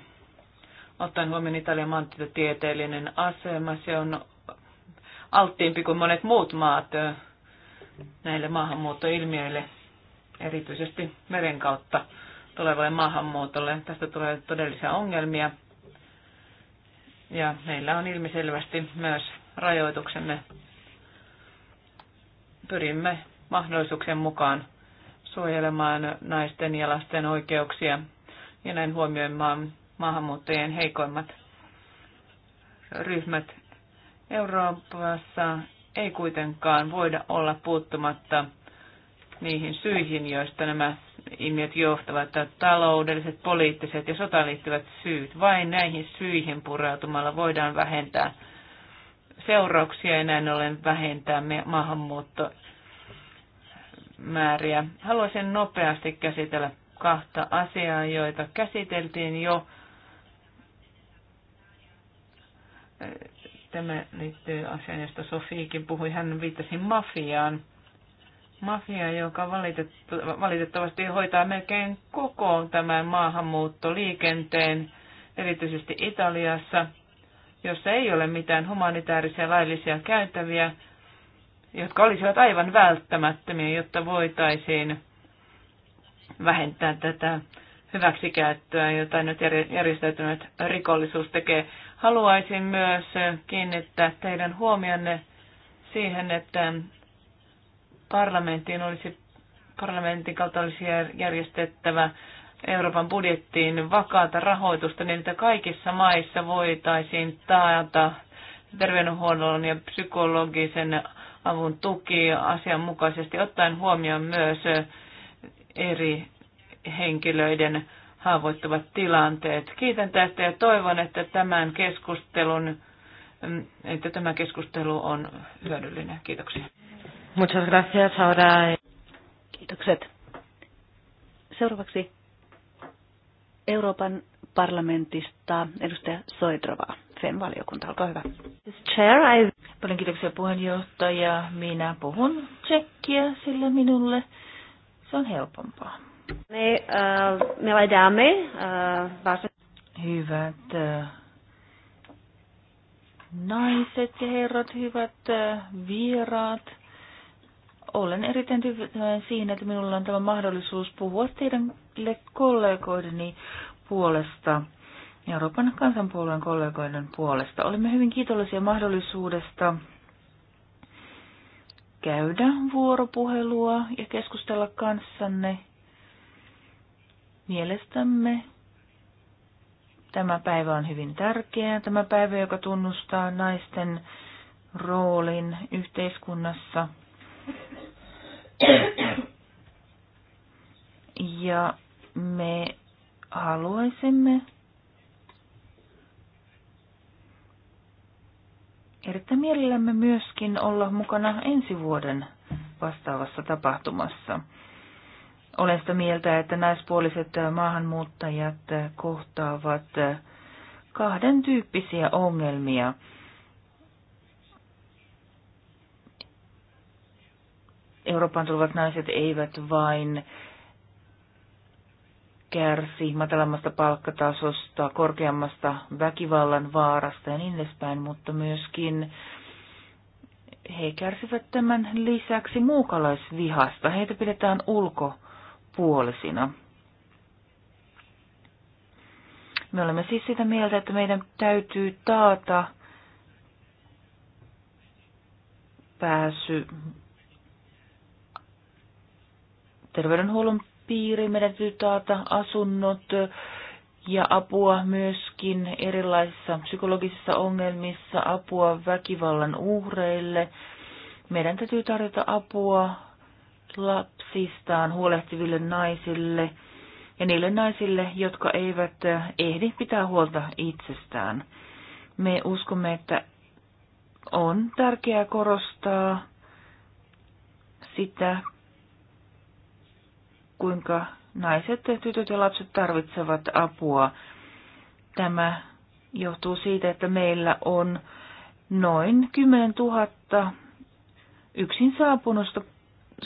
Ottaen huomioon Italian maantieteellinen asema, se on alttiimpi kuin monet muut maat näille maahanmuuttoilmiöille, erityisesti meren kautta tulevalle maahanmuutolle. Tästä tulee todellisia ongelmia ja meillä on ilmiselvästi myös rajoituksemme pyrimme mahdollisuuksien mukaan suojelemaan naisten ja lasten oikeuksia ja näin huomioimaan maahanmuuttajien heikoimmat ryhmät. Euroopassa ei kuitenkaan voida olla puuttumatta niihin syihin, joista nämä ilmiöt johtavat, että taloudelliset, poliittiset ja sotaan liittyvät syyt. Vain näihin syihin pureutumalla voidaan vähentää seurauksia ja näin ollen vähentää maahanmuuttomääriä. Haluaisin nopeasti käsitellä kahta asiaa, joita käsiteltiin jo. Tämä liittyy asiaan, josta Sofiikin puhui. Hän viittasi mafiaan. Mafia, joka valitettavasti hoitaa melkein koko tämän maahanmuuttoliikenteen, erityisesti Italiassa – jossa ei ole mitään humanitaarisia laillisia käytäviä, jotka olisivat aivan välttämättömiä, jotta voitaisiin vähentää tätä hyväksikäyttöä, jota nyt järjestäytynyt rikollisuus tekee. Haluaisin myös kiinnittää teidän huomionne siihen, että parlamenttiin olisi, parlamentin kautta olisi järjestettävä Euroopan budjettiin vakaata rahoitusta niin, että kaikissa maissa voitaisiin taata terveydenhuollon ja psykologisen avun tuki asianmukaisesti, ottaen huomioon myös eri henkilöiden haavoittuvat tilanteet. Kiitän tästä ja toivon, että tämän keskustelun että tämä keskustelu on
hyödyllinen. Kiitoksia. Muchas gracias. Ahora... Kiitokset. Seuraavaksi Euroopan parlamentista edustaja Soidrova, FEM-valiokunta, olkaa hyvä. Chair, I... Paljon kiitoksia
puheenjohtaja. Minä puhun tsekkiä, sillä minulle se on helpompaa. Me, uh, me laidamme, uh, vasta... Hyvät äh, naiset ja herrat, hyvät äh, vieraat olen erittäin tyytyväinen siihen, että minulla on tämä mahdollisuus puhua teidän kaikille kollegoideni puolesta, Euroopan kansanpuolueen kollegoiden puolesta. Olemme hyvin kiitollisia mahdollisuudesta käydä vuoropuhelua ja keskustella kanssanne. Mielestämme tämä päivä on hyvin tärkeä, tämä päivä, joka tunnustaa naisten roolin yhteiskunnassa. Ja me haluaisimme erittäin mielellämme myöskin olla mukana ensi vuoden vastaavassa tapahtumassa. Olen sitä mieltä, että naispuoliset maahanmuuttajat kohtaavat kahden tyyppisiä ongelmia. Euroopan tulevat naiset eivät vain kärsi matalammasta palkkatasosta, korkeammasta väkivallan vaarasta ja niin edespäin, mutta myöskin he kärsivät tämän lisäksi muukalaisvihasta. Heitä pidetään ulkopuolisina. Me olemme siis sitä mieltä, että meidän täytyy taata pääsy terveydenhuollon piiri, Meidän täytyy taata asunnot ja apua myöskin erilaisissa psykologisissa ongelmissa, apua väkivallan uhreille. Meidän täytyy tarjota apua lapsistaan huolehtiville naisille ja niille naisille, jotka eivät ehdi pitää huolta itsestään. Me uskomme, että on tärkeää korostaa sitä, kuinka naiset, tytöt ja lapset tarvitsevat apua. Tämä johtuu siitä, että meillä on noin 10 000 yksin saapunutta,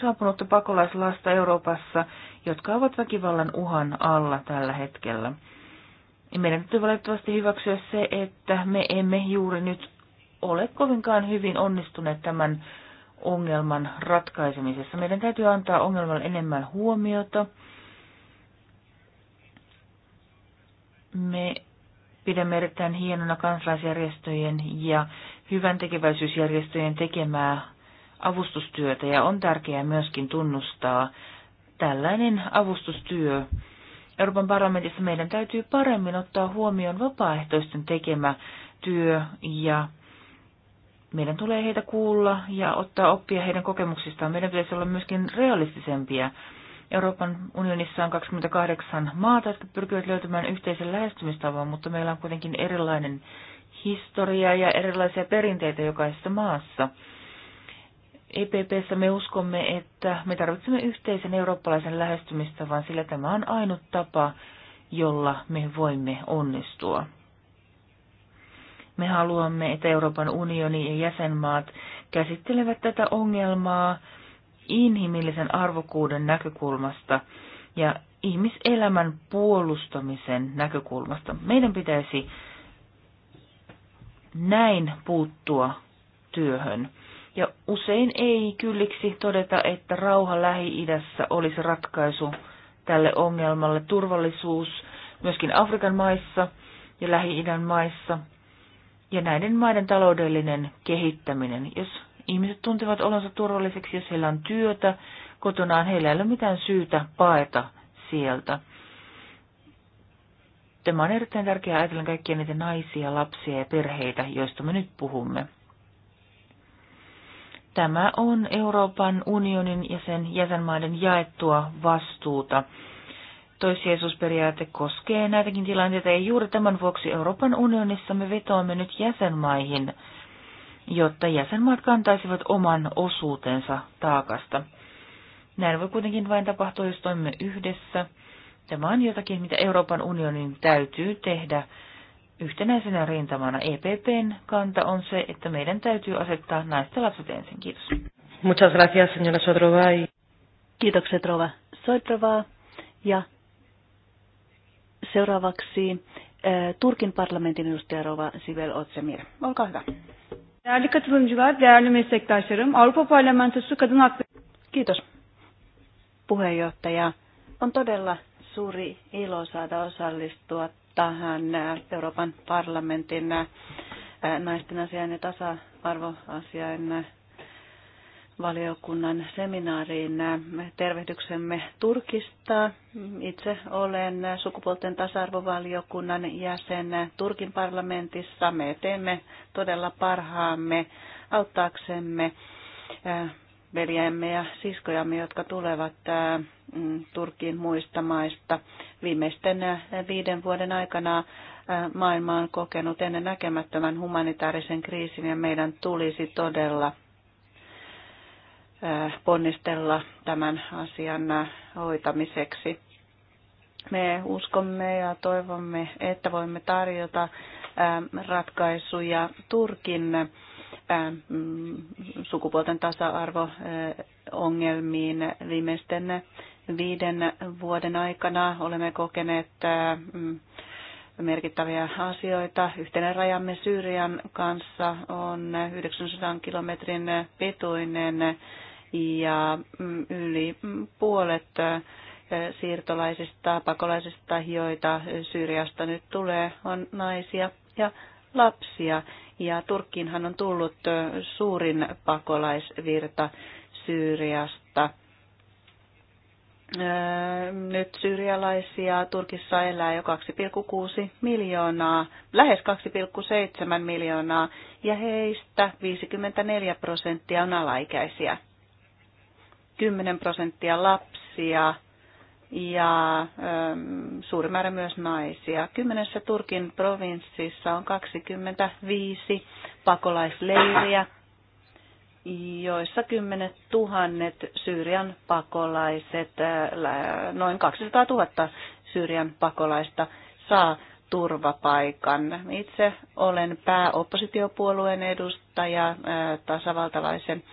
saapunutta pakolaislasta Euroopassa, jotka ovat väkivallan uhan alla tällä hetkellä. Ja meidän täytyy valitettavasti hyväksyä se, että me emme juuri nyt ole kovinkaan hyvin onnistuneet tämän ongelman ratkaisemisessa. Meidän täytyy antaa ongelmalle enemmän huomiota. Me pidämme erittäin hienona kansalaisjärjestöjen ja hyvän tekeväisyysjärjestöjen tekemää avustustyötä ja on tärkeää myöskin tunnustaa tällainen avustustyö. Euroopan parlamentissa meidän täytyy paremmin ottaa huomioon vapaaehtoisten tekemä työ ja meidän tulee heitä kuulla ja ottaa oppia heidän kokemuksistaan. Meidän pitäisi olla myöskin realistisempia. Euroopan unionissa on 28 maata, jotka pyrkivät löytämään yhteisen lähestymistavan, mutta meillä on kuitenkin erilainen historia ja erilaisia perinteitä jokaisessa maassa. EPPssä me uskomme, että me tarvitsemme yhteisen eurooppalaisen lähestymistavan, sillä tämä on ainut tapa, jolla me voimme onnistua. Me haluamme, että Euroopan unioni ja jäsenmaat käsittelevät tätä ongelmaa inhimillisen arvokuuden näkökulmasta ja ihmiselämän puolustamisen näkökulmasta. Meidän pitäisi näin puuttua työhön. Ja usein ei kylliksi todeta, että rauha Lähi-idässä olisi ratkaisu tälle ongelmalle. Turvallisuus myöskin Afrikan maissa ja Lähi-idän maissa ja näiden maiden taloudellinen kehittäminen. Jos ihmiset tuntevat olonsa turvalliseksi, jos heillä on työtä kotonaan, heillä ei ole mitään syytä paeta sieltä. Tämä on erittäin tärkeää ajatellen kaikkia niitä naisia, lapsia ja perheitä, joista me nyt puhumme. Tämä on Euroopan unionin ja sen jäsenmaiden jaettua vastuuta toissijaisuusperiaate koskee näitäkin tilanteita ja juuri tämän vuoksi Euroopan unionissa me vetoamme nyt jäsenmaihin, jotta jäsenmaat kantaisivat oman osuutensa taakasta. Näin voi kuitenkin vain tapahtua, jos toimimme yhdessä. Tämä on jotakin, mitä Euroopan unionin täytyy tehdä yhtenäisenä rintamana. EPPn kanta on se, että meidän täytyy asettaa naisten lapset ensin. Kiitos.
Muchas gracias, señora Sodrova. Kiitokset, Rova
Sodrova. Ja Seuraavaksi eh, Turkin parlamentin edustaja Rova Sivel Otsemir. Olkaa hyvä. Kiitos puheenjohtaja. On todella suuri ilo saada osallistua tähän eh, Euroopan parlamentin eh, naisten asian ja tasa-arvoasian valiokunnan seminaariin tervehdyksemme Turkista. Itse olen sukupuolten tasa-arvovaliokunnan jäsen Turkin parlamentissa. Me teemme todella parhaamme auttaaksemme veljemme ja siskojamme, jotka tulevat mm, Turkin muista maista. Viimeisten viiden vuoden aikana maailma on kokenut ennen näkemättömän humanitaarisen kriisin ja meidän tulisi todella Äh, ponnistella tämän asian äh, hoitamiseksi. Me uskomme ja toivomme, että voimme tarjota ähm, ratkaisuja Turkin ähm, sukupuolten tasa-arvo-ongelmiin äh, viimeisten viiden vuoden aikana. Olemme kokeneet merkittäviä asioita. Yhteinen rajamme Syyrian kanssa on 900 kilometrin pituinen ja mm, yli mm, puolet siirtolaisista, pakolaisista, joita Syyriasta nyt tulee, on naisia ja lapsia. Ja Turkkiinhan on tullut suurin pakolaisvirta Syyriasta. Nyt syyrialaisia Turkissa elää jo 2,6 miljoonaa, lähes 2,7 miljoonaa, ja heistä 54 prosenttia on alaikäisiä. 10 prosenttia lapsia ja ähm, suuri määrä myös naisia. Kymmenessä Turkin provinssissa on 25 pakolaisleiriä, joissa kymmenet tuhannet Syyrian pakolaiset, äh, noin 200 000 Syyrian pakolaista saa turvapaikan. Itse olen pääoppositiopuolueen edustaja, äh, tasavaltalaisen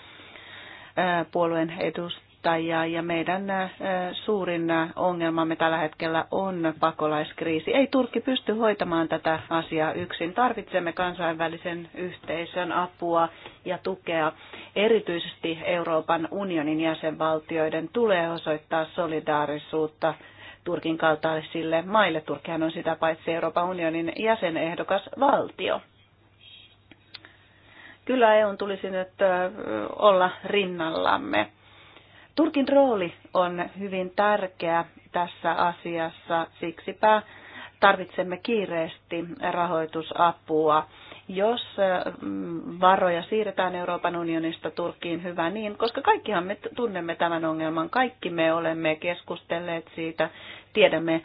puolueen edustajia ja meidän suurin ongelmamme tällä hetkellä on pakolaiskriisi. Ei Turkki pysty hoitamaan tätä asiaa yksin. Tarvitsemme kansainvälisen yhteisön apua ja tukea. Erityisesti Euroopan unionin jäsenvaltioiden tulee osoittaa solidaarisuutta Turkin kaltaisille maille. Turkihan on sitä paitsi Euroopan unionin jäsenehdokas valtio. Kyllä EUn tulisi nyt olla rinnallamme. Turkin rooli on hyvin tärkeä tässä asiassa, siksipä tarvitsemme kiireesti rahoitusapua. Jos varoja siirretään Euroopan unionista Turkkiin, hyvä niin, koska kaikkihan me tunnemme tämän ongelman, kaikki me olemme keskustelleet siitä, tiedämme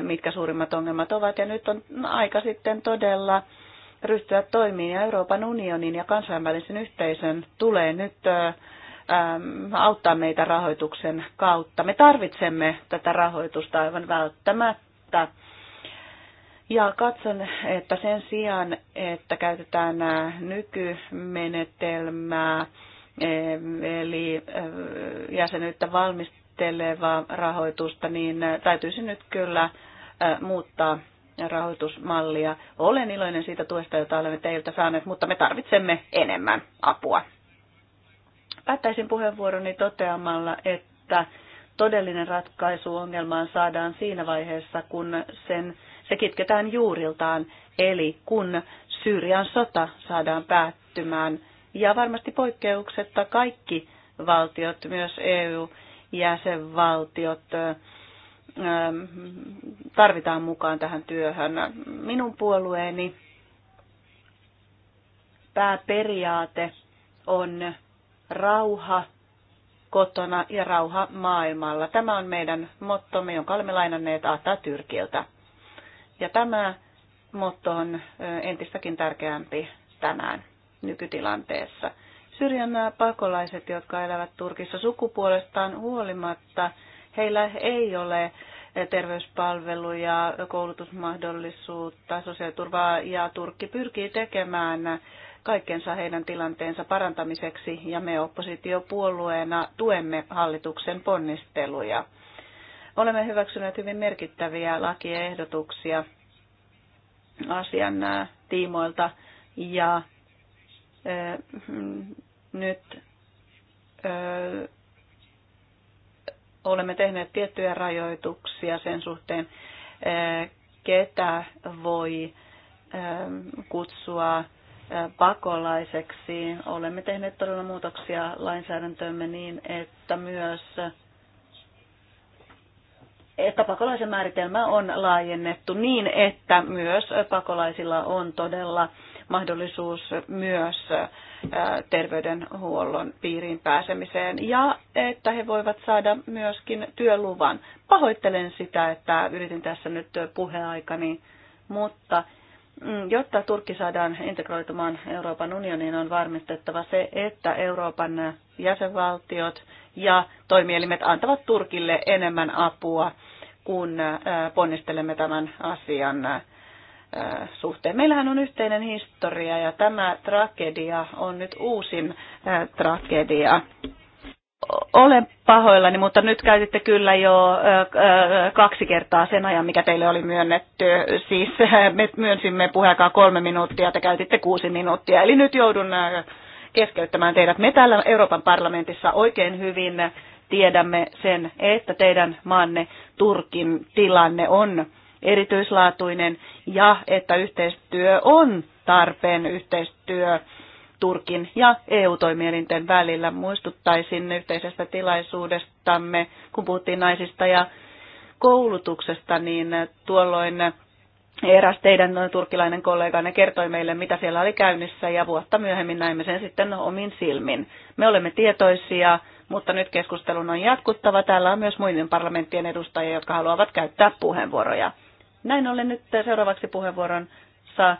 mitkä suurimmat ongelmat ovat, ja nyt on aika sitten todella ryhtyä toimiin ja Euroopan unionin ja kansainvälisen yhteisön tulee nyt auttaa meitä rahoituksen kautta. Me tarvitsemme tätä rahoitusta aivan välttämättä. Ja katson, että sen sijaan, että käytetään nykymenetelmää, eli jäsenyyttä valmistelevaa rahoitusta, niin täytyisi nyt kyllä muuttaa rahoitusmallia. Olen iloinen siitä tuesta, jota olemme teiltä saaneet, mutta me tarvitsemme enemmän apua. Päättäisin puheenvuoroni toteamalla, että todellinen ratkaisu ongelmaan saadaan siinä vaiheessa, kun sen, se kitketään juuriltaan, eli kun Syyrian sota saadaan päättymään. Ja varmasti poikkeuksetta kaikki valtiot, myös EU-jäsenvaltiot, tarvitaan mukaan tähän työhön. Minun puolueeni pääperiaate on rauha kotona ja rauha maailmalla. Tämä on meidän mottomme, jonka olemme lainanneet Atatürkiltä. Ja tämä motto on entistäkin tärkeämpi tänään nykytilanteessa. Syrjän nämä pakolaiset, jotka elävät Turkissa sukupuolestaan huolimatta, heillä ei ole terveyspalveluja, koulutusmahdollisuutta, sosiaaliturvaa ja Turkki pyrkii tekemään kaikkensa heidän tilanteensa parantamiseksi ja me oppositiopuolueena tuemme hallituksen ponnisteluja. Olemme hyväksyneet hyvin merkittäviä lakiehdotuksia asian tiimoilta ja nyt olemme tehneet tiettyjä rajoituksia sen suhteen, ketä voi kutsua pakolaiseksi. Olemme tehneet todella muutoksia lainsäädäntöömme niin, että myös että pakolaisen määritelmä on laajennettu niin, että myös pakolaisilla on todella mahdollisuus myös terveydenhuollon piiriin pääsemiseen ja että he voivat saada myöskin työluvan. Pahoittelen sitä, että yritin tässä nyt puheaikani, mutta mm, jotta Turkki saadaan integroitumaan Euroopan unioniin, on varmistettava se, että Euroopan jäsenvaltiot ja toimielimet antavat Turkille enemmän apua, kun ponnistelemme tämän asian Äh, suhteen. Meillähän on yhteinen historia ja tämä tragedia on nyt uusin äh, tragedia. Olen pahoillani, mutta nyt käytitte kyllä jo äh, kaksi kertaa sen ajan, mikä teille oli myönnetty. Siis me myönsimme puheaikaa kolme minuuttia, te käytitte kuusi minuuttia. Eli nyt joudun keskeyttämään teidät. Me täällä Euroopan parlamentissa oikein hyvin tiedämme sen, että teidän maanne Turkin tilanne on erityislaatuinen ja että yhteistyö on tarpeen yhteistyö Turkin ja EU-toimielinten välillä. Muistuttaisin yhteisestä tilaisuudestamme, kun puhuttiin naisista ja koulutuksesta, niin tuolloin eräs teidän turkilainen kolleganne kertoi meille, mitä siellä oli käynnissä ja vuotta myöhemmin näimme sen sitten omin silmin. Me olemme tietoisia, mutta nyt keskustelun on jatkuttava. Täällä on myös muiden parlamenttien edustajia, jotka haluavat käyttää puheenvuoroja. Näin ollen nyt seuraavaksi puheenvuoron saa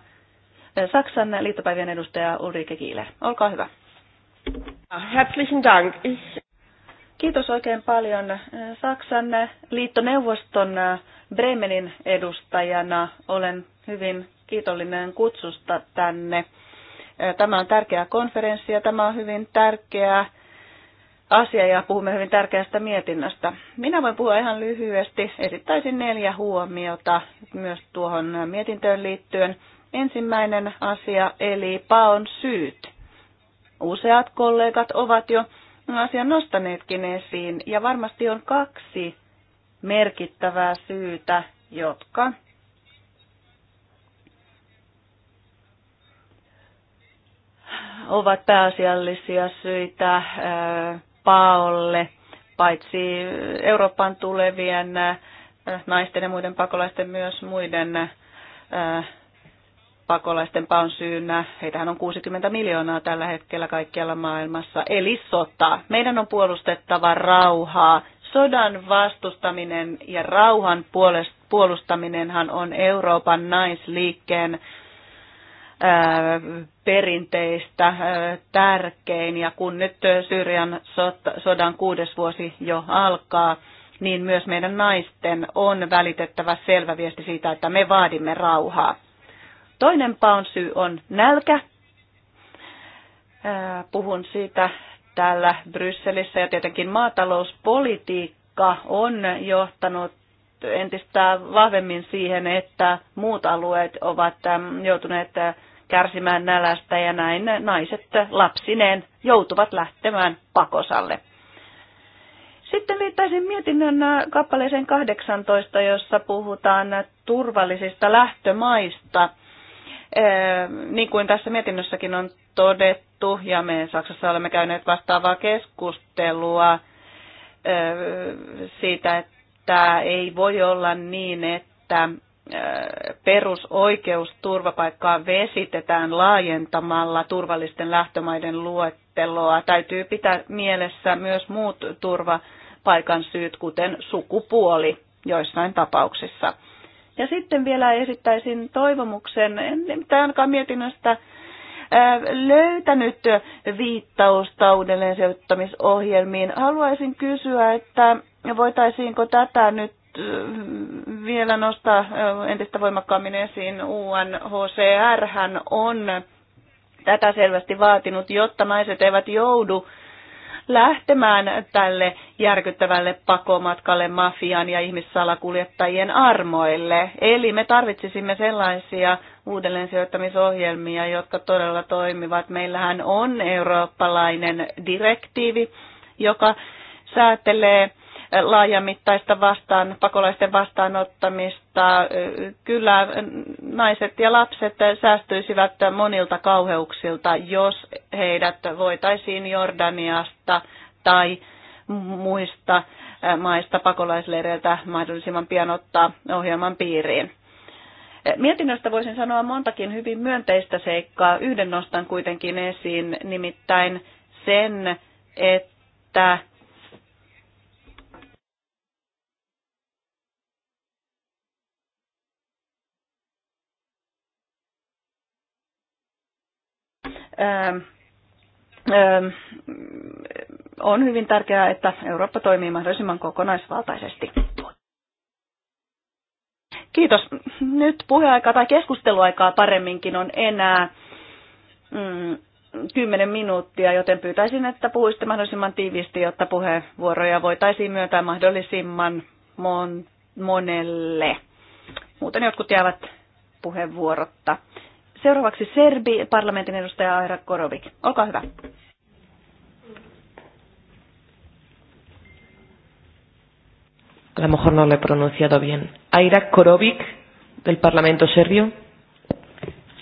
eh, Saksan liittopäivien edustaja Ulrike Kiiler. Olkaa hyvä. Herzlichen Dank. Kiitos oikein paljon. Saksan liittoneuvoston eh, Bremenin edustajana olen hyvin kiitollinen kutsusta tänne. Eh, tämä on tärkeä konferenssi ja tämä on hyvin tärkeä asia ja puhumme hyvin tärkeästä mietinnöstä. Minä voin puhua ihan lyhyesti. Esittäisin neljä huomiota myös tuohon mietintöön liittyen. Ensimmäinen asia eli paon syyt. Useat kollegat ovat jo asian nostaneetkin esiin ja varmasti on kaksi merkittävää syytä, jotka ovat pääasiallisia syitä paolle, paitsi Euroopan tulevien äh, naisten ja muiden pakolaisten myös muiden äh, pakolaisten paon syynä. Heitähän on 60 miljoonaa tällä hetkellä kaikkialla maailmassa. Eli sota. Meidän on puolustettava rauhaa. Sodan vastustaminen ja rauhan puolustaminenhan on Euroopan naisliikkeen perinteistä tärkein. Ja kun nyt Syyrian sodan kuudes vuosi jo alkaa, niin myös meidän naisten on välitettävä selvä viesti siitä, että me vaadimme rauhaa. Toinen paun syy on nälkä. Puhun siitä täällä Brysselissä ja tietenkin maatalouspolitiikka on johtanut entistä vahvemmin siihen, että muut alueet ovat joutuneet kärsimään nälästä ja näin naiset lapsineen joutuvat lähtemään pakosalle. Sitten viittaisin mietinnön kappaleeseen 18, jossa puhutaan turvallisista lähtömaista. Niin kuin tässä mietinnössäkin on todettu, ja me Saksassa olemme käyneet vastaavaa keskustelua siitä, että ei voi olla niin, että perusoikeus turvapaikkaa vesitetään laajentamalla turvallisten lähtömaiden luetteloa. Täytyy pitää mielessä myös muut turvapaikan syyt, kuten sukupuoli joissain tapauksissa. Ja sitten vielä esittäisin toivomuksen, en nimittäin ainakaan mietinnöstä löytänyt viittausta uudelleen sijoittamisohjelmiin. Haluaisin kysyä, että voitaisiinko tätä nyt vielä nostaa entistä voimakkaammin esiin. UNHCR hän on tätä selvästi vaatinut, jotta naiset eivät joudu lähtemään tälle järkyttävälle pakomatkalle mafian ja ihmissalakuljettajien armoille. Eli me tarvitsisimme sellaisia uudelleensijoittamisohjelmia, jotka todella toimivat. Meillähän on eurooppalainen direktiivi, joka säätelee laajamittaista vastaan, pakolaisten vastaanottamista. Kyllä naiset ja lapset säästyisivät monilta kauheuksilta, jos heidät voitaisiin Jordaniasta tai muista maista pakolaisleireiltä mahdollisimman pian ottaa ohjelman piiriin. Mietinnöstä voisin sanoa montakin hyvin myönteistä seikkaa. Yhden nostan kuitenkin esiin, nimittäin sen, että Ähm, ähm, on hyvin tärkeää, että Eurooppa toimii mahdollisimman kokonaisvaltaisesti. Kiitos. Nyt puheaikaa tai keskusteluaikaa paremminkin on enää mm, 10 minuuttia, joten pyytäisin, että puhuisitte mahdollisimman tiiviisti, jotta puheenvuoroja voitaisiin myöntää mahdollisimman mon, monelle. Muuten jotkut jäävät puheenvuorotta. Seuraavaksi Serbi, parlamentin edustaja Aira Korovik. Olkaa hyvä.
A lo mejor no lo he pronunciado bien. Aira Korovic, del Parlamento Serbio.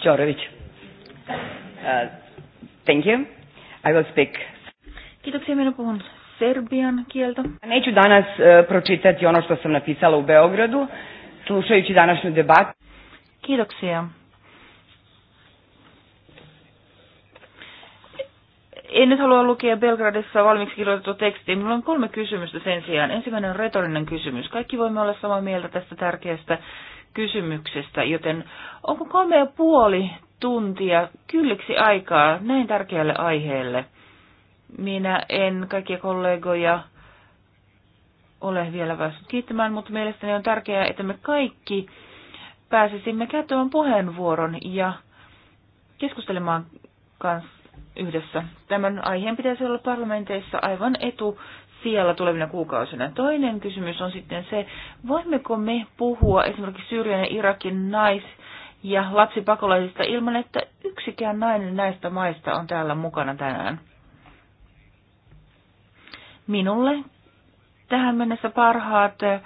Jorovic. Uh, thank you. I will speak. Kiitoksia, minä puhun serbian kieltä. Neću danas uh, pročitati ono što sam napisala u Beogradu, slušajući današnju debatu. Kiitoksia. en nyt halua lukea Belgradissa valmiiksi kirjoitettu teksti. Minulla on kolme kysymystä sen sijaan. Ensimmäinen on retorinen kysymys. Kaikki voimme olla samaa mieltä tästä tärkeästä kysymyksestä, joten onko kolme ja puoli tuntia kylliksi aikaa näin tärkeälle aiheelle? Minä en kaikkia kollegoja ole vielä päässyt kiittämään, mutta mielestäni on tärkeää, että me kaikki pääsisimme käyttämään puheenvuoron ja keskustelemaan kanssa yhdessä. Tämän aiheen pitäisi olla parlamenteissa aivan etu siellä tulevina kuukausina. Toinen kysymys on sitten se, voimmeko me puhua esimerkiksi Syyrian ja Irakin nais- ja lapsipakolaisista ilman, että yksikään nainen näistä maista on täällä mukana tänään. Minulle tähän mennessä parhaat eh,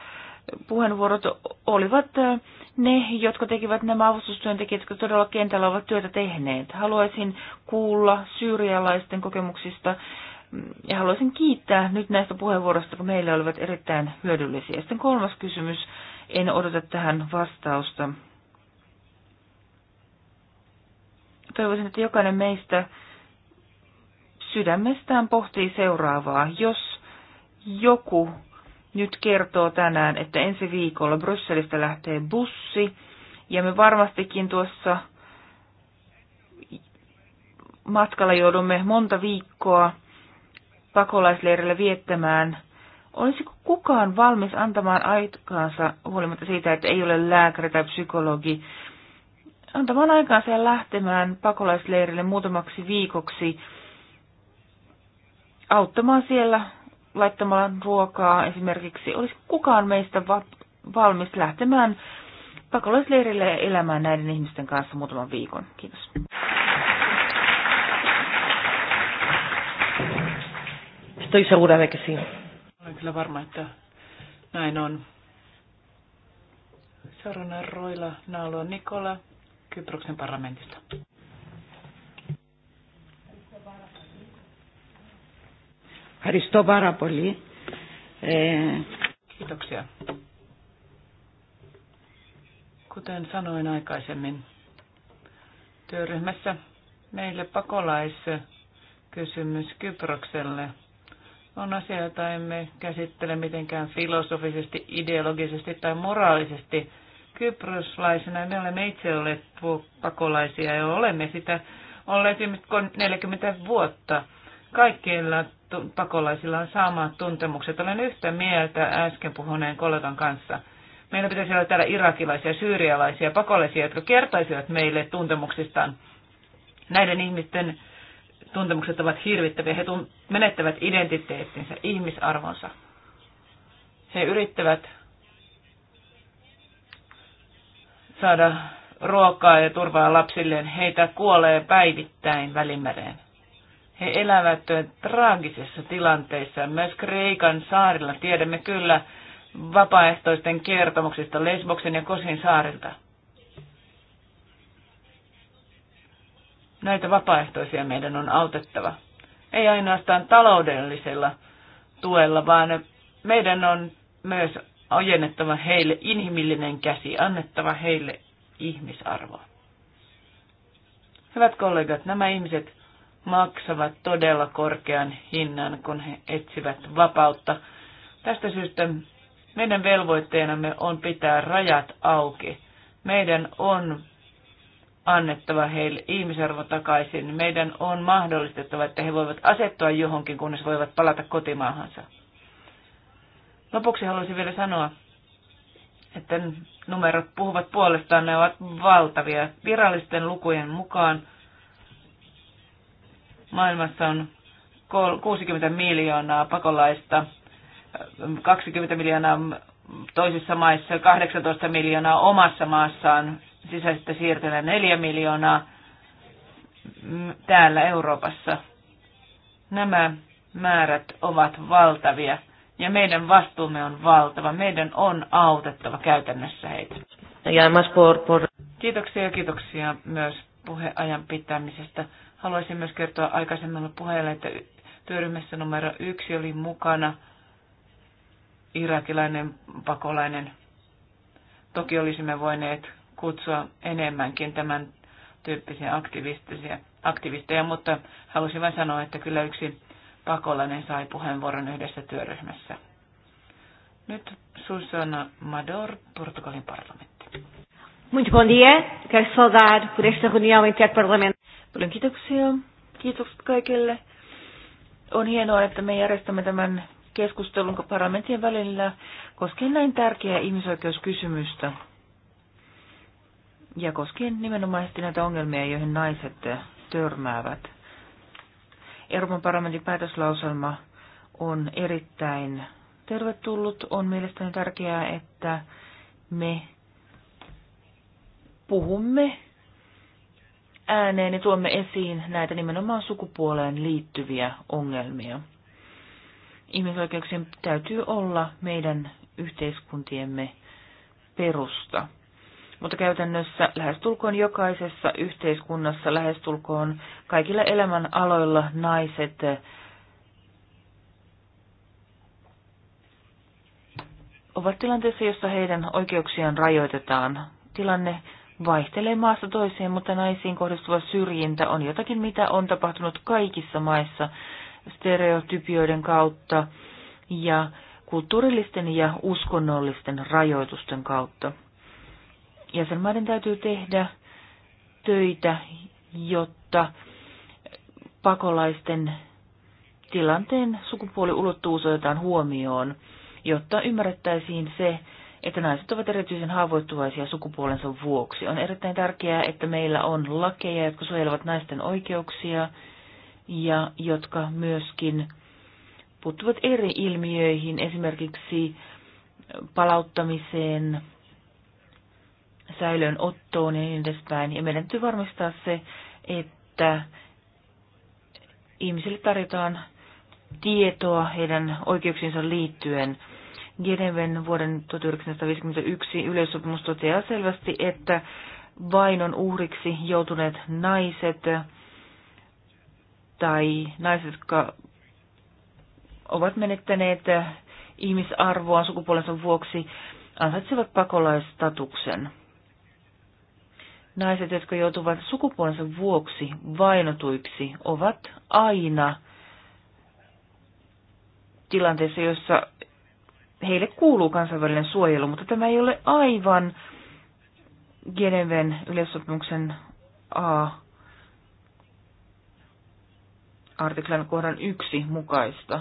puheenvuorot olivat eh, ne, jotka tekivät nämä avustustyöntekijät, jotka todella kentällä ovat työtä tehneet. Haluaisin kuulla syyrialaisten kokemuksista ja haluaisin kiittää nyt näistä puheenvuoroista, kun meillä olivat erittäin hyödyllisiä. Sitten kolmas kysymys, en odota tähän vastausta. Toivoisin, että jokainen meistä sydämestään pohtii seuraavaa. Jos joku nyt kertoo tänään, että ensi viikolla Brysselistä lähtee bussi, ja me varmastikin tuossa matkalla joudumme monta viikkoa pakolaisleirillä viettämään. Olisiko kukaan valmis antamaan aikaansa, huolimatta siitä, että ei ole lääkäri tai psykologi, antamaan aikaansa ja lähtemään pakolaisleirille muutamaksi viikoksi auttamaan siellä laittamaan ruokaa esimerkiksi. Olisi kukaan meistä va- valmis lähtemään pakolaisleirille ja elämään näiden ihmisten kanssa muutaman viikon. Kiitos. Estoy segura de que sí.
Olen kyllä varma, että näin on. Seuraavana Roila Naalo Nikola Kyproksen parlamentista. Ευχαριστώ πάρα πολύ. Ε... Kiitoksia. Kuten sanoin aikaisemmin, työryhmässä meille pakolaiskysymys Kyprokselle on asia, jota emme käsittele mitenkään filosofisesti, ideologisesti tai moraalisesti. Kyproslaisena me olemme itse olleet pakolaisia ja olemme sitä olleet 40 vuotta. Kaikkeilla pakolaisilla on samat tuntemukset. Olen yhtä mieltä äsken puhuneen kollegan kanssa. Meillä pitäisi olla täällä irakilaisia, syyrialaisia, pakolaisia, jotka kertaisivat meille tuntemuksistaan. Näiden ihmisten tuntemukset ovat hirvittäviä. He menettävät identiteettinsä, ihmisarvonsa. He yrittävät saada ruokaa ja turvaa lapsilleen. Heitä kuolee päivittäin välimereen. He elävät traagisessa tilanteissa. Myös Kreikan saarilla tiedämme kyllä vapaaehtoisten kertomuksista Lesboksen ja Kosin saarilta. Näitä vapaaehtoisia meidän on autettava. Ei ainoastaan taloudellisella tuella, vaan meidän on myös ojennettava heille inhimillinen käsi, annettava heille ihmisarvoa. Hyvät kollegat, nämä ihmiset maksavat todella korkean hinnan, kun he etsivät vapautta. Tästä syystä meidän velvoitteenamme on pitää rajat auki. Meidän on annettava heille ihmisarvo takaisin. Meidän on mahdollistettava, että he voivat asettua johonkin, kunnes voivat palata kotimaahansa. Lopuksi haluaisin vielä sanoa, että numerot puhuvat puolestaan, ne ovat valtavia. Virallisten lukujen mukaan Maailmassa on 60 miljoonaa pakolaista, 20 miljoonaa toisissa maissa, 18 miljoonaa omassa maassaan, sisäistä siirtynä 4 miljoonaa täällä Euroopassa. Nämä määrät ovat valtavia ja meidän vastuumme on valtava. Meidän on autettava käytännössä heitä. Kiitoksia ja kiitoksia myös puheajan pitämisestä. Haluaisin myös kertoa aikaisemmalle puheelle, että työryhmässä numero yksi oli mukana irakilainen pakolainen. Toki olisimme voineet kutsua enemmänkin tämän tyyppisiä aktivistisia, aktivisteja, mutta halusin vain sanoa, että kyllä yksi pakolainen sai puheenvuoron yhdessä työryhmässä. Nyt Susana Mador, Portugalin parlamentti.
Muito bom dia. Quero saudar por esta
reunião interparlamentar. Paljon kiitoksia. Kiitokset kaikille. On hienoa, että me järjestämme tämän keskustelun parlamentin välillä koskien näin tärkeää ihmisoikeuskysymystä ja koskien nimenomaisesti näitä ongelmia, joihin naiset törmäävät. Euroopan parlamentin päätöslauselma on erittäin tervetullut. On mielestäni tärkeää, että me puhumme ääneen ja tuomme esiin näitä nimenomaan sukupuoleen liittyviä ongelmia. Ihmisoikeuksien täytyy olla meidän yhteiskuntiemme perusta. Mutta käytännössä lähestulkoon jokaisessa yhteiskunnassa, lähestulkoon kaikilla elämän aloilla naiset ovat tilanteessa, jossa heidän oikeuksiaan rajoitetaan. Tilanne vaihtelee maasta toiseen, mutta naisiin kohdistuva syrjintä on jotakin, mitä on tapahtunut kaikissa maissa stereotypioiden kautta ja kulttuurillisten ja uskonnollisten rajoitusten kautta. Jäsenmaiden täytyy tehdä töitä, jotta pakolaisten tilanteen sukupuoliulottuvuus otetaan huomioon, jotta ymmärrettäisiin se, että naiset ovat erityisen haavoittuvaisia sukupuolensa vuoksi. On erittäin tärkeää, että meillä on lakeja, jotka suojelevat naisten oikeuksia ja jotka myöskin puuttuvat eri ilmiöihin, esimerkiksi palauttamiseen, säilöön ottoon ja niin edespäin. Ja meidän täytyy varmistaa se, että ihmisille tarjotaan tietoa heidän oikeuksiinsa liittyen – Geneven vuoden 1951 yleissopimus toteaa selvästi, että vainon uhriksi joutuneet naiset tai naiset, jotka ovat menettäneet ihmisarvoa sukupuolensa vuoksi, ansaitsevat pakolaistatuksen. Naiset, jotka joutuvat sukupuolensa vuoksi vainotuiksi, ovat aina tilanteessa, jossa heille kuuluu kansainvälinen suojelu, mutta tämä ei ole aivan Geneven yleissopimuksen A artiklan kohdan yksi mukaista.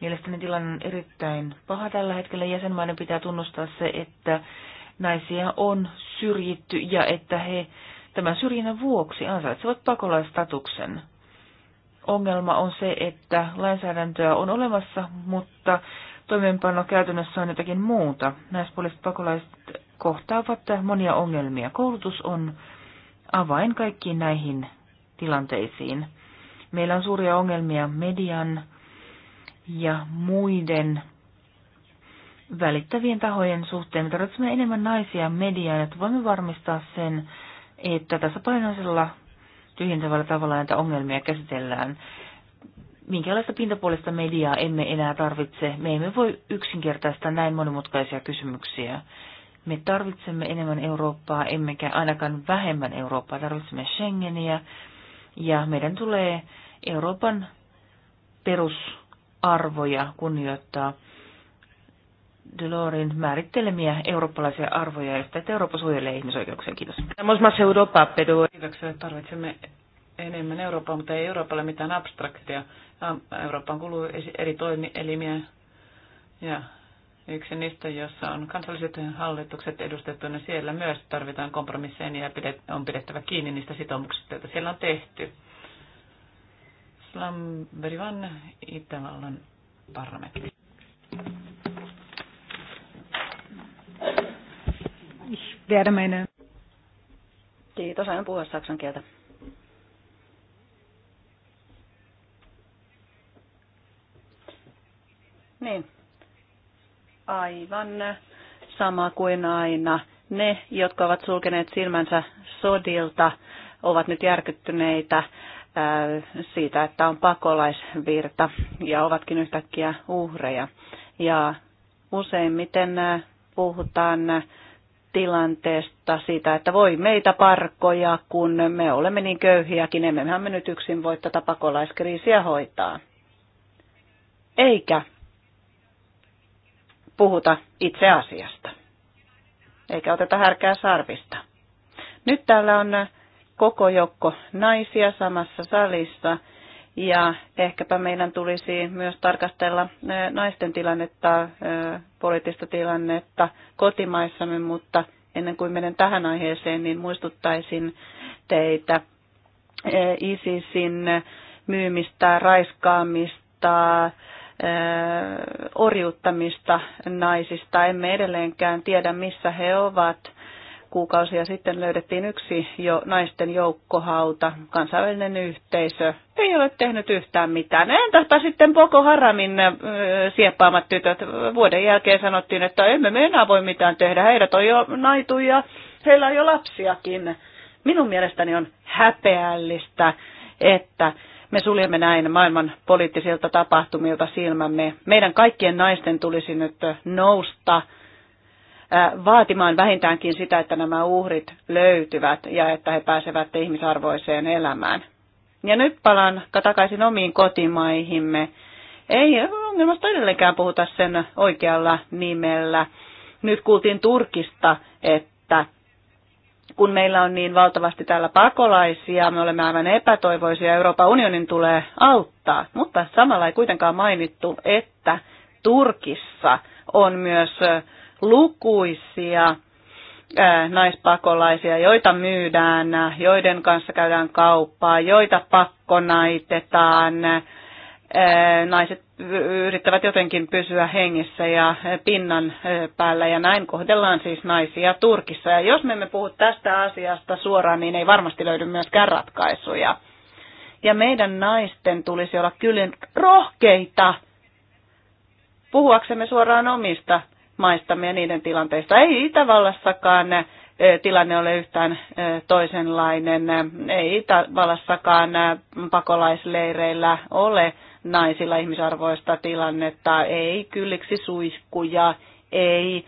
Mielestäni tilanne on erittäin paha tällä hetkellä. Jäsenmaiden pitää tunnustaa se, että naisia on syrjitty ja että he tämän syrjinnän vuoksi ansaitsevat pakolaistatuksen ongelma on se, että lainsäädäntöä on olemassa, mutta toimeenpano käytännössä on jotakin muuta. Naispuoliset pakolaiset kohtaavat monia ongelmia. Koulutus on avain kaikkiin näihin tilanteisiin. Meillä on suuria ongelmia median ja muiden välittävien tahojen suhteen. Me tarvitsemme enemmän naisia mediaan, että voimme varmistaa sen, että tasapainoisella tyhjentävällä tavalla näitä ongelmia käsitellään. Minkälaista pintapuolista mediaa emme enää tarvitse. Me emme voi yksinkertaistaa näin monimutkaisia kysymyksiä. Me tarvitsemme enemmän Eurooppaa, emmekä ainakaan vähemmän Eurooppaa. Tarvitsemme Schengeniä ja meidän tulee Euroopan perusarvoja kunnioittaa. Delorin määrittelemiä eurooppalaisia arvoja ja sitä, että Eurooppa suojelee ihmisoikeuksia. Kiitos. Europa, pero... Kiitoksia.
Tarvitsemme enemmän Eurooppaa, mutta ei Euroopalle mitään abstraktia. Eurooppaan kuuluu eri toimielimiä ja yksi niistä, jossa on kansalliset hallitukset edustettu, niin siellä myös tarvitaan kompromisseja ja on pidettävä kiinni niistä sitoumuksista, joita siellä on tehty. Slamberivan Itävallan parlamentti.
werde meine...
Kiitos, aion puhua saksan kieltä. Niin, aivan sama kuin aina. Ne, jotka ovat sulkeneet silmänsä sodilta, ovat nyt järkyttyneitä äh, siitä, että on pakolaisvirta ja ovatkin yhtäkkiä uhreja. Ja useimmiten äh, puhutaan äh, tilanteesta, siitä, että voi meitä parkkoja, kun me olemme niin köyhiäkin, emmehän me nyt yksin voi tätä pakolaiskriisiä hoitaa. Eikä puhuta itse asiasta, eikä oteta härkää sarvista. Nyt täällä on koko joukko naisia samassa salissa, ja ehkäpä meidän tulisi myös tarkastella naisten tilannetta, poliittista tilannetta kotimaissamme, mutta ennen kuin menen tähän aiheeseen, niin muistuttaisin teitä ISISin myymistä, raiskaamista, orjuttamista naisista. Emme edelleenkään tiedä, missä he ovat kuukausia sitten löydettiin yksi jo naisten joukkohauta, kansainvälinen yhteisö. Ei ole tehnyt yhtään mitään. Entäpä sitten Boko Haramin äh, sieppaamat tytöt? Vuoden jälkeen sanottiin, että emme me enää voi mitään tehdä. Heidät on jo naituja, heillä on jo lapsiakin. Minun mielestäni on häpeällistä, että me suljemme näin maailman poliittisilta tapahtumilta silmämme. Meidän kaikkien naisten tulisi nyt nousta – vaatimaan vähintäänkin sitä, että nämä uhrit löytyvät ja että he pääsevät ihmisarvoiseen elämään. Ja nyt palaan takaisin omiin kotimaihimme. Ei ongelmasta edelleenkään puhuta sen oikealla nimellä. Nyt kuultiin Turkista, että kun meillä on niin valtavasti täällä pakolaisia, me olemme aivan epätoivoisia, Euroopan unionin tulee auttaa. Mutta samalla ei kuitenkaan mainittu, että Turkissa on myös lukuisia naispakolaisia, joita myydään, joiden kanssa käydään kauppaa, joita pakkonaitetaan. Naiset yrittävät jotenkin pysyä hengissä ja pinnan päällä ja näin kohdellaan siis naisia Turkissa. Ja jos me emme puhu tästä asiasta suoraan, niin ei varmasti löydy myöskään ratkaisuja. Ja meidän naisten tulisi olla kyllä rohkeita puhuaksemme suoraan omista maistamme ja niiden tilanteista. Ei Itävallassakaan tilanne ole yhtään toisenlainen. Ei Itävallassakaan pakolaisleireillä ole naisilla ihmisarvoista tilannetta, ei kylliksi suihkuja, ei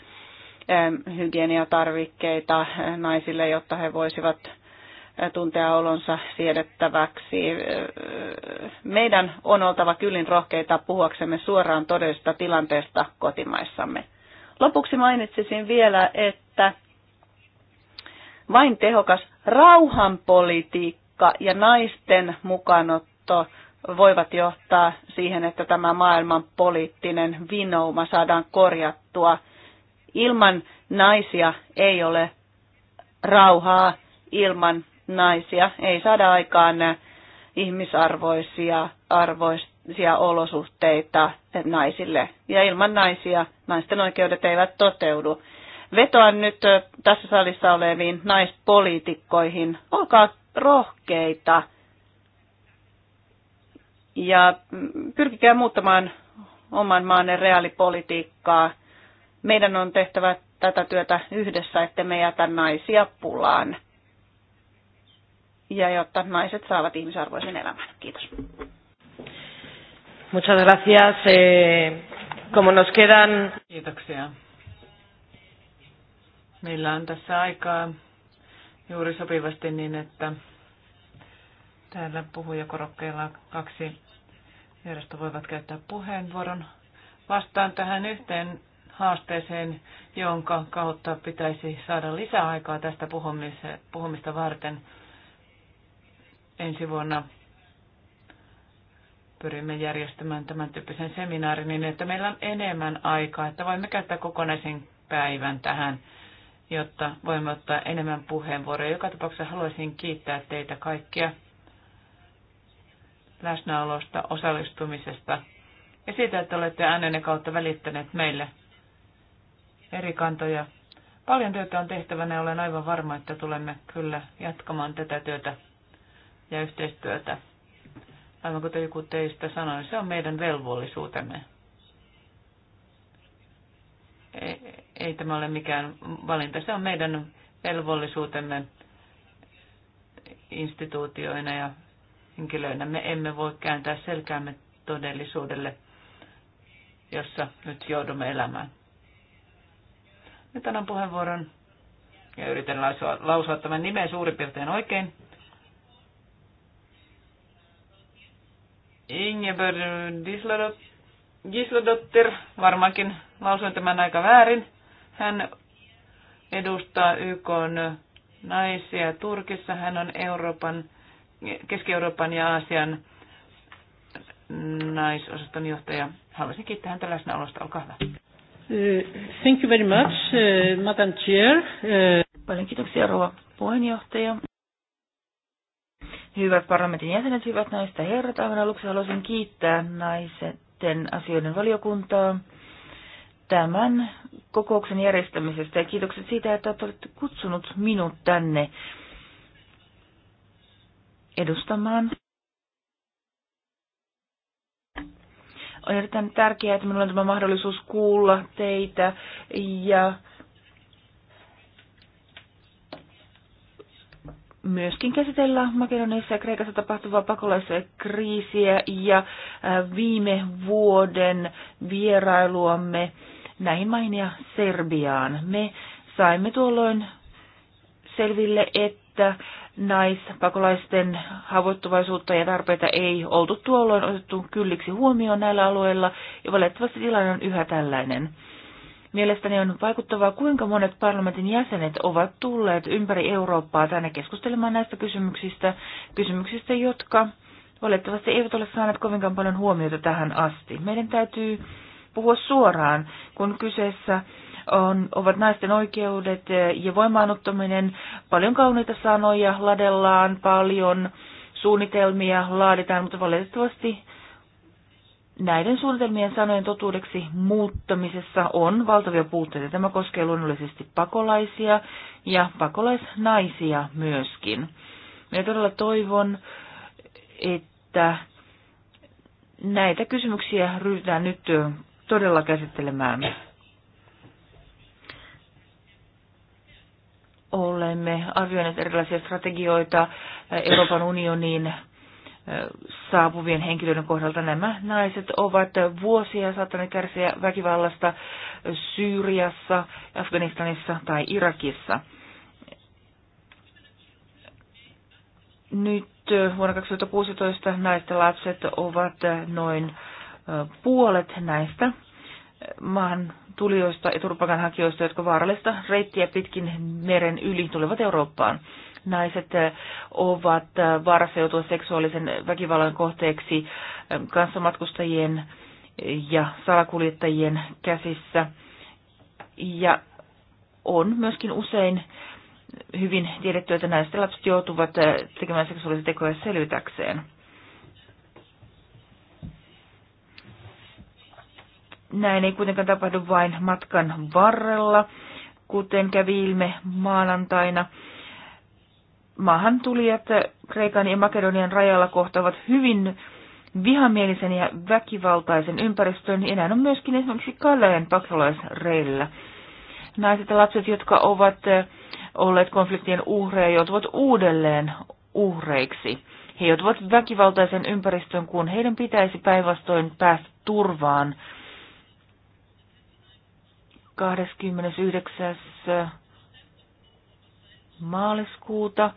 hygieniatarvikkeita naisille, jotta he voisivat tuntea olonsa siedettäväksi. Meidän on oltava kyllin rohkeita puhuaksemme suoraan todellisesta tilanteesta kotimaissamme. Lopuksi mainitsisin vielä, että vain tehokas rauhanpolitiikka ja naisten mukanotto voivat johtaa siihen, että tämä maailman poliittinen vinouma saadaan korjattua. Ilman naisia ei ole rauhaa, ilman naisia ei saada aikaan ihmisarvoisia arvoista tasaisia olosuhteita naisille. Ja ilman naisia naisten oikeudet eivät toteudu. Vetoan nyt tässä salissa oleviin naispoliitikkoihin. Olkaa rohkeita ja mm, pyrkikää muuttamaan oman maanne reaalipolitiikkaa. Meidän on tehtävä tätä työtä yhdessä, että me jätä naisia pulaan. Ja jotta naiset saavat ihmisarvoisen elämän. Kiitos.
Muchas gracias. Eh, como nos quedan... Kiitoksia. Meillä on tässä aikaa juuri sopivasti niin, että täällä puhujakorokkeilla kaksi järjestä voivat käyttää puheenvuoron. Vastaan tähän yhteen haasteeseen, jonka kautta pitäisi saada lisäaikaa tästä puhumista varten ensi vuonna pyrimme järjestämään tämän tyyppisen seminaarin niin, että meillä on enemmän aikaa, että voimme käyttää kokonaisen päivän tähän, jotta voimme ottaa enemmän puheenvuoroja. Joka tapauksessa haluaisin kiittää teitä kaikkia läsnäolosta, osallistumisesta ja siitä, että olette äänenne kautta välittäneet meille eri kantoja. Paljon työtä on tehtävänä ja olen aivan varma, että tulemme kyllä jatkamaan tätä työtä ja yhteistyötä Aivan kuten joku teistä sanoi, se on meidän
velvollisuutemme.
Ei, ei tämä ole mikään valinta, se on meidän velvollisuutemme instituutioina ja henkilöinä. Me emme voi kääntää selkäämme todellisuudelle, jossa nyt joudumme elämään. Nyt annan puheenvuoron ja yritän lausua, lausua tämän nimen suurin piirtein oikein. Ingeborg Gislodottir, varmaankin lausuin tämän aika väärin. Hän edustaa YK naisia Turkissa. Hän on Euroopan, Keski-Euroopan ja Aasian naisosaston johtaja. Haluaisin kiittää häntä läsnäolosta. Olkaa hyvä.
Eh, thank you very much, eh, Madam Chair. Eh, Paljon kiitoksia, rouva puheenjohtaja. Hyvät parlamentin jäsenet, hyvät naiset herrat, aivan aluksi haluaisin kiittää naisten asioiden valiokuntaa tämän kokouksen järjestämisestä ja kiitokset siitä, että olette kutsunut minut tänne edustamaan. On erittäin tärkeää, että minulla on tämä mahdollisuus kuulla teitä ja myöskin käsitellä Makedoniassa ja Kreikassa tapahtuvaa pakolaiskriisiä ja viime vuoden vierailuamme näihin maihin ja Serbiaan. Me saimme tuolloin selville, että naispakolaisten haavoittuvaisuutta ja tarpeita ei oltu tuolloin otettu kylliksi huomioon näillä alueilla, ja valitettavasti tilanne on yhä tällainen. Mielestäni on vaikuttavaa, kuinka monet parlamentin jäsenet ovat tulleet ympäri Eurooppaa tänne keskustelemaan näistä kysymyksistä, kysymyksistä, jotka valitettavasti eivät ole saaneet kovinkaan paljon huomiota tähän asti. Meidän täytyy puhua suoraan, kun kyseessä on, ovat naisten oikeudet ja voimaanottaminen. Paljon kauniita sanoja ladellaan, paljon suunnitelmia laaditaan, mutta valitettavasti näiden suunnitelmien sanojen totuudeksi muuttamisessa on valtavia puutteita. Tämä koskee luonnollisesti pakolaisia ja pakolaisnaisia myöskin. Minä todella toivon, että näitä kysymyksiä ryhdytään nyt todella käsittelemään. Olemme arvioineet erilaisia strategioita Euroopan unionin saapuvien henkilöiden kohdalta nämä naiset ovat vuosia saattaneet kärsiä väkivallasta Syyriassa, Afganistanissa tai Irakissa. Nyt vuonna 2016 naisten lapset ovat noin puolet näistä maahan tulijoista ja turvapaikanhakijoista, jotka vaarallista reittiä pitkin meren yli tulevat Eurooppaan naiset ovat vaarassa joutua seksuaalisen väkivallan kohteeksi kanssamatkustajien ja salakuljettajien käsissä. Ja on myöskin usein hyvin tiedetty, että näistä lapset joutuvat tekemään seksuaalisia tekoja selvitäkseen. Näin ei kuitenkaan tapahdu vain matkan varrella, kuten kävi ilme maanantaina maahantulijat Kreikan ja Makedonian rajalla kohtavat hyvin vihamielisen ja väkivaltaisen ympäristön, ja näin on myöskin esimerkiksi Kaleen pakolaisreillä. Naiset ja lapset, jotka ovat eh, olleet konfliktien uhreja, joutuvat uudelleen uhreiksi. He joutuvat väkivaltaisen ympäristön, kun heidän pitäisi päinvastoin päästä turvaan. 29 maaliskuuta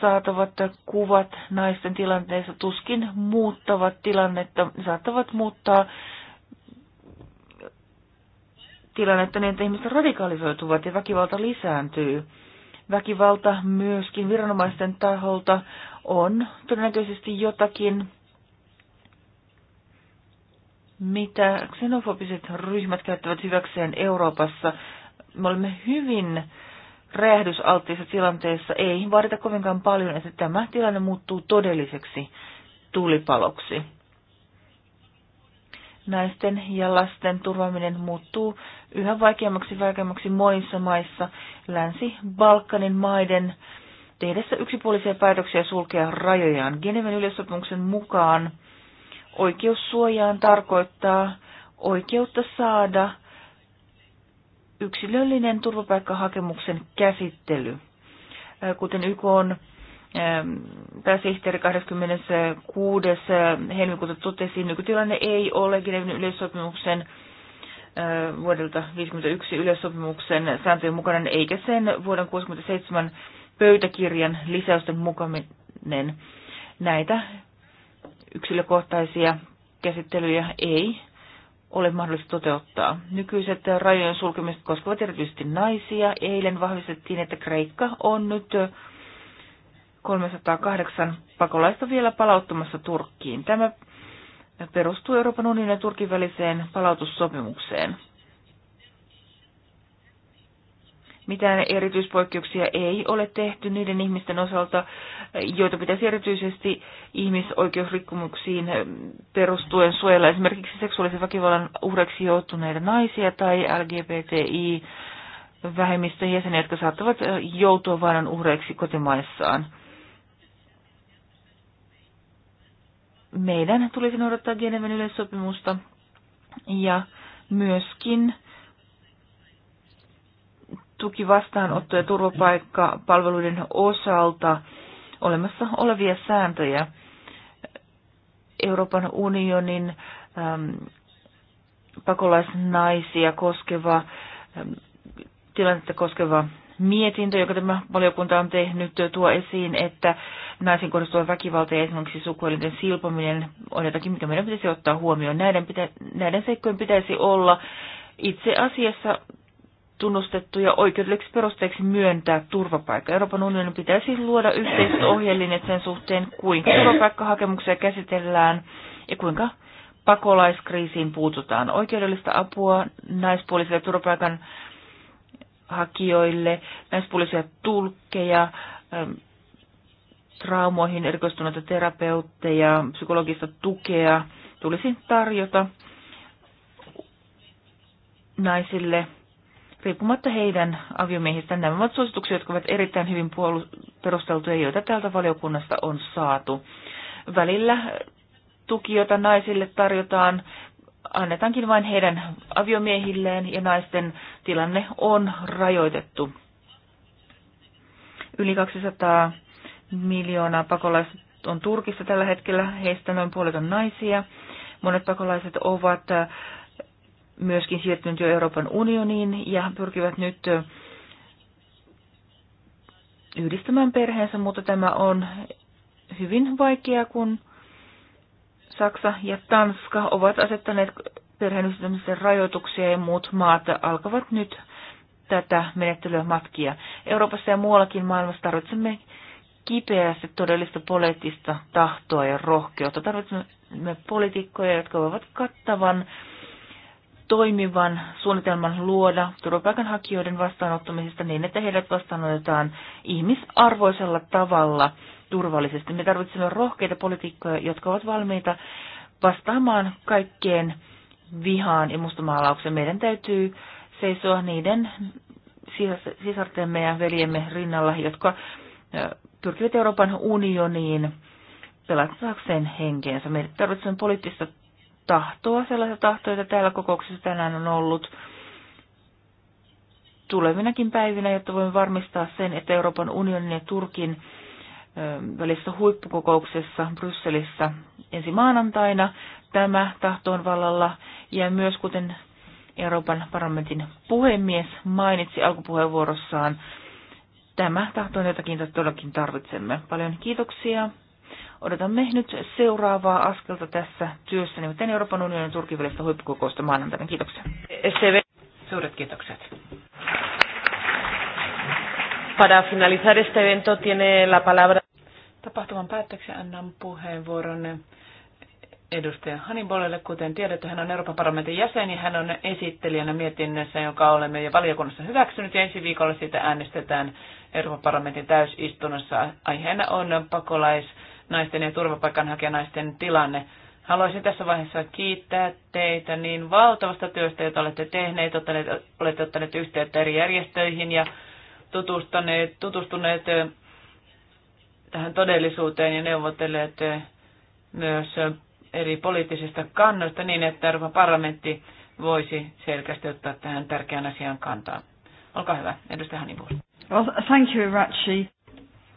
saatavat kuvat naisten tilanteessa tuskin muuttavat tilannetta, saattavat muuttaa tilannetta niin, että ihmiset radikalisoituvat ja väkivalta lisääntyy. Väkivalta myöskin viranomaisten taholta on todennäköisesti jotakin, mitä xenofobiset ryhmät käyttävät hyväkseen Euroopassa. Me olemme hyvin räjähdysalttiissa tilanteessa ei vaadita kovinkaan paljon, että tämä tilanne muuttuu todelliseksi tulipaloksi. Naisten ja lasten turvaminen muuttuu yhä vaikeammaksi vaikeammaksi monissa maissa Länsi-Balkanin maiden tehdessä yksipuolisia päätöksiä sulkea rajojaan. Geneven yleissopimuksen mukaan oikeus tarkoittaa oikeutta saada yksilöllinen turvapaikkahakemuksen käsittely. Kuten YK on pääsihteeri 26. helmikuuta totesi, nykytilanne ei ole Genevin yleissopimuksen vuodelta 1951 yleissopimuksen sääntöjen mukainen, eikä sen vuoden 67 pöytäkirjan lisäysten mukainen. Näitä yksilökohtaisia käsittelyjä ei ole mahdollista toteuttaa. Nykyiset rajojen sulkemiset koskevat erityisesti naisia. Eilen vahvistettiin, että Kreikka on nyt 308 pakolaista vielä palauttamassa Turkkiin. Tämä perustuu Euroopan unionin ja Turkin väliseen palautussopimukseen. Mitään erityispoikkeuksia ei ole tehty niiden ihmisten osalta, joita pitäisi erityisesti ihmisoikeusrikkomuksiin perustuen suojella esimerkiksi seksuaalisen väkivallan uhreiksi joutuneita naisia tai LGBTI vähemmistön jäseniä, jotka saattavat joutua vainon uhreiksi kotimaissaan. Meidän tulisi noudattaa Geneven yleissopimusta ja myöskin tuki vastaanotto- ja turvapaikkapalveluiden osalta olemassa olevia sääntöjä. Euroopan unionin äm, pakolaisnaisia koskeva, äm, tilannetta koskeva mietintö, joka tämä valiokunta on tehnyt, tuo esiin, että naisiin kohdistuva väkivalta ja esimerkiksi sukuelinten silpominen on jotakin, mikä meidän pitäisi ottaa huomioon. Näiden, pitä, näiden seikkojen pitäisi olla itse asiassa tunnustettuja oikeudelliseksi perusteeksi myöntää turvapaikka. Euroopan unionin pitäisi luoda yhteiset ohjelmat sen suhteen, kuinka turvapaikkahakemuksia käsitellään ja kuinka pakolaiskriisiin puututaan. Oikeudellista apua naispuolisille turvapaikan hakijoille, naispuolisia tulkkeja, traumoihin erikoistuneita terapeutteja, psykologista tukea tulisi tarjota naisille riippumatta heidän aviomiehistään. Nämä ovat suosituksia, jotka ovat erittäin hyvin perusteltuja, joita täältä valiokunnasta on saatu. Välillä tuki, jota naisille tarjotaan, annetaankin vain heidän aviomiehilleen ja naisten tilanne on rajoitettu. Yli 200 miljoonaa pakolaista on Turkissa tällä hetkellä, heistä noin puolet on naisia. Monet pakolaiset ovat myöskin siirtynyt jo Euroopan unioniin ja pyrkivät nyt yhdistämään perheensä, mutta tämä on hyvin vaikeaa, kun Saksa ja Tanska ovat asettaneet perheenyhdistämisen rajoituksia ja muut maat alkavat nyt tätä menettelyä matkia. Euroopassa ja muuallakin maailmassa tarvitsemme kipeästi todellista poliittista tahtoa ja rohkeutta. Tarvitsemme poliitikkoja, jotka voivat kattavan toimivan suunnitelman luoda turvapaikanhakijoiden vastaanottamisesta niin, että heidät vastaanotetaan ihmisarvoisella tavalla turvallisesti. Me tarvitsemme rohkeita poliitikkoja, jotka ovat valmiita vastaamaan kaikkeen vihaan ja mustamaalaukseen. Meidän täytyy seisoa niiden sisartemme ja veljemme rinnalla, jotka pyrkivät Euroopan unioniin pelastaakseen henkeensä. Me tarvitsemme poliittista tahtoa, sellaista tahtoa, jota täällä kokouksessa tänään on ollut tulevinakin päivinä, jotta voimme varmistaa sen, että Euroopan unionin ja Turkin välissä huippukokouksessa Brysselissä ensi maanantaina tämä tahto on vallalla ja myös kuten Euroopan parlamentin puhemies mainitsi alkupuheenvuorossaan, tämä tahto on jotakin, jota todellakin tarvitsemme. Paljon kiitoksia. Odotamme nyt seuraavaa askelta tässä työssä, nimittäin Euroopan unionin Turkin välistä huippukokousta maanantaina. Kiitoksia. SCV. Suuret kiitokset.
Para finalizar este evento tiene la palabra. Tapahtuman päätteeksi annan puheenvuoron edustaja Hannibalille. Kuten tiedätte, hän on Euroopan parlamentin jäsen ja hän on esittelijänä mietinnössä, jonka olemme jo valiokunnassa hyväksynyt. Ja ensi viikolla siitä äänestetään Euroopan parlamentin täysistunnossa. Aiheena on pakolais naisten ja turvapaikanhakijanaisten tilanne. Haluaisin tässä vaiheessa kiittää teitä niin valtavasta työstä, jota olette tehneet, ottaneet, olette ottaneet yhteyttä eri järjestöihin ja tutustuneet, tutustuneet tähän todellisuuteen ja neuvotelleet myös eri poliittisista kannoista niin, että Euroopan parlamentti voisi selkeästi ottaa tähän tärkeän asian kantaa. Olkaa hyvä, edustaja
Hanivuori. Well, thank you, Rachi.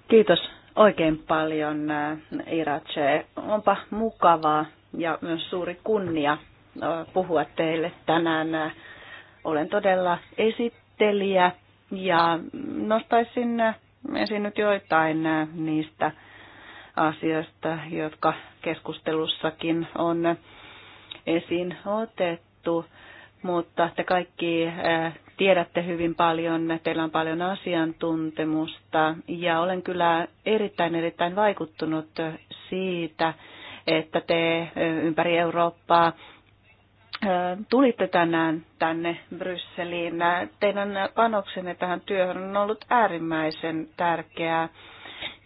Kiitos oikein paljon, Iratse. Onpa mukavaa ja myös suuri kunnia puhua teille tänään. Olen todella esittelijä ja nostaisin esiin nyt joitain niistä asioista, jotka keskustelussakin on esiin otettu, mutta te kaikki tiedätte hyvin paljon, teillä on paljon asiantuntemusta ja olen kyllä erittäin erittäin vaikuttunut siitä, että te ympäri Eurooppaa tulitte tänään tänne Brysseliin. Teidän panoksenne tähän työhön on ollut äärimmäisen tärkeää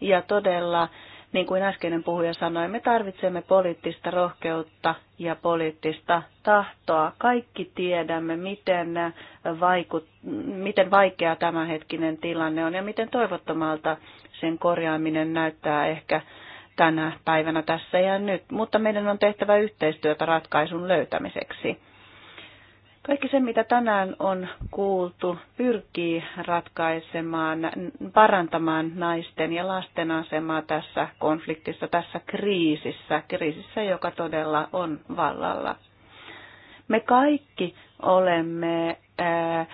ja todella niin kuin äskeinen puhuja sanoi, me tarvitsemme poliittista rohkeutta ja poliittista tahtoa. Kaikki tiedämme, miten, vaikut, miten vaikea tämänhetkinen tilanne on ja miten toivottomalta sen korjaaminen näyttää ehkä tänä päivänä tässä ja nyt, mutta meidän on tehtävä yhteistyötä ratkaisun löytämiseksi kaikki se, mitä tänään on kuultu, pyrkii ratkaisemaan, parantamaan naisten ja lasten asemaa tässä konfliktissa, tässä kriisissä, kriisissä, joka todella on vallalla. Me kaikki olemme, äh, äh,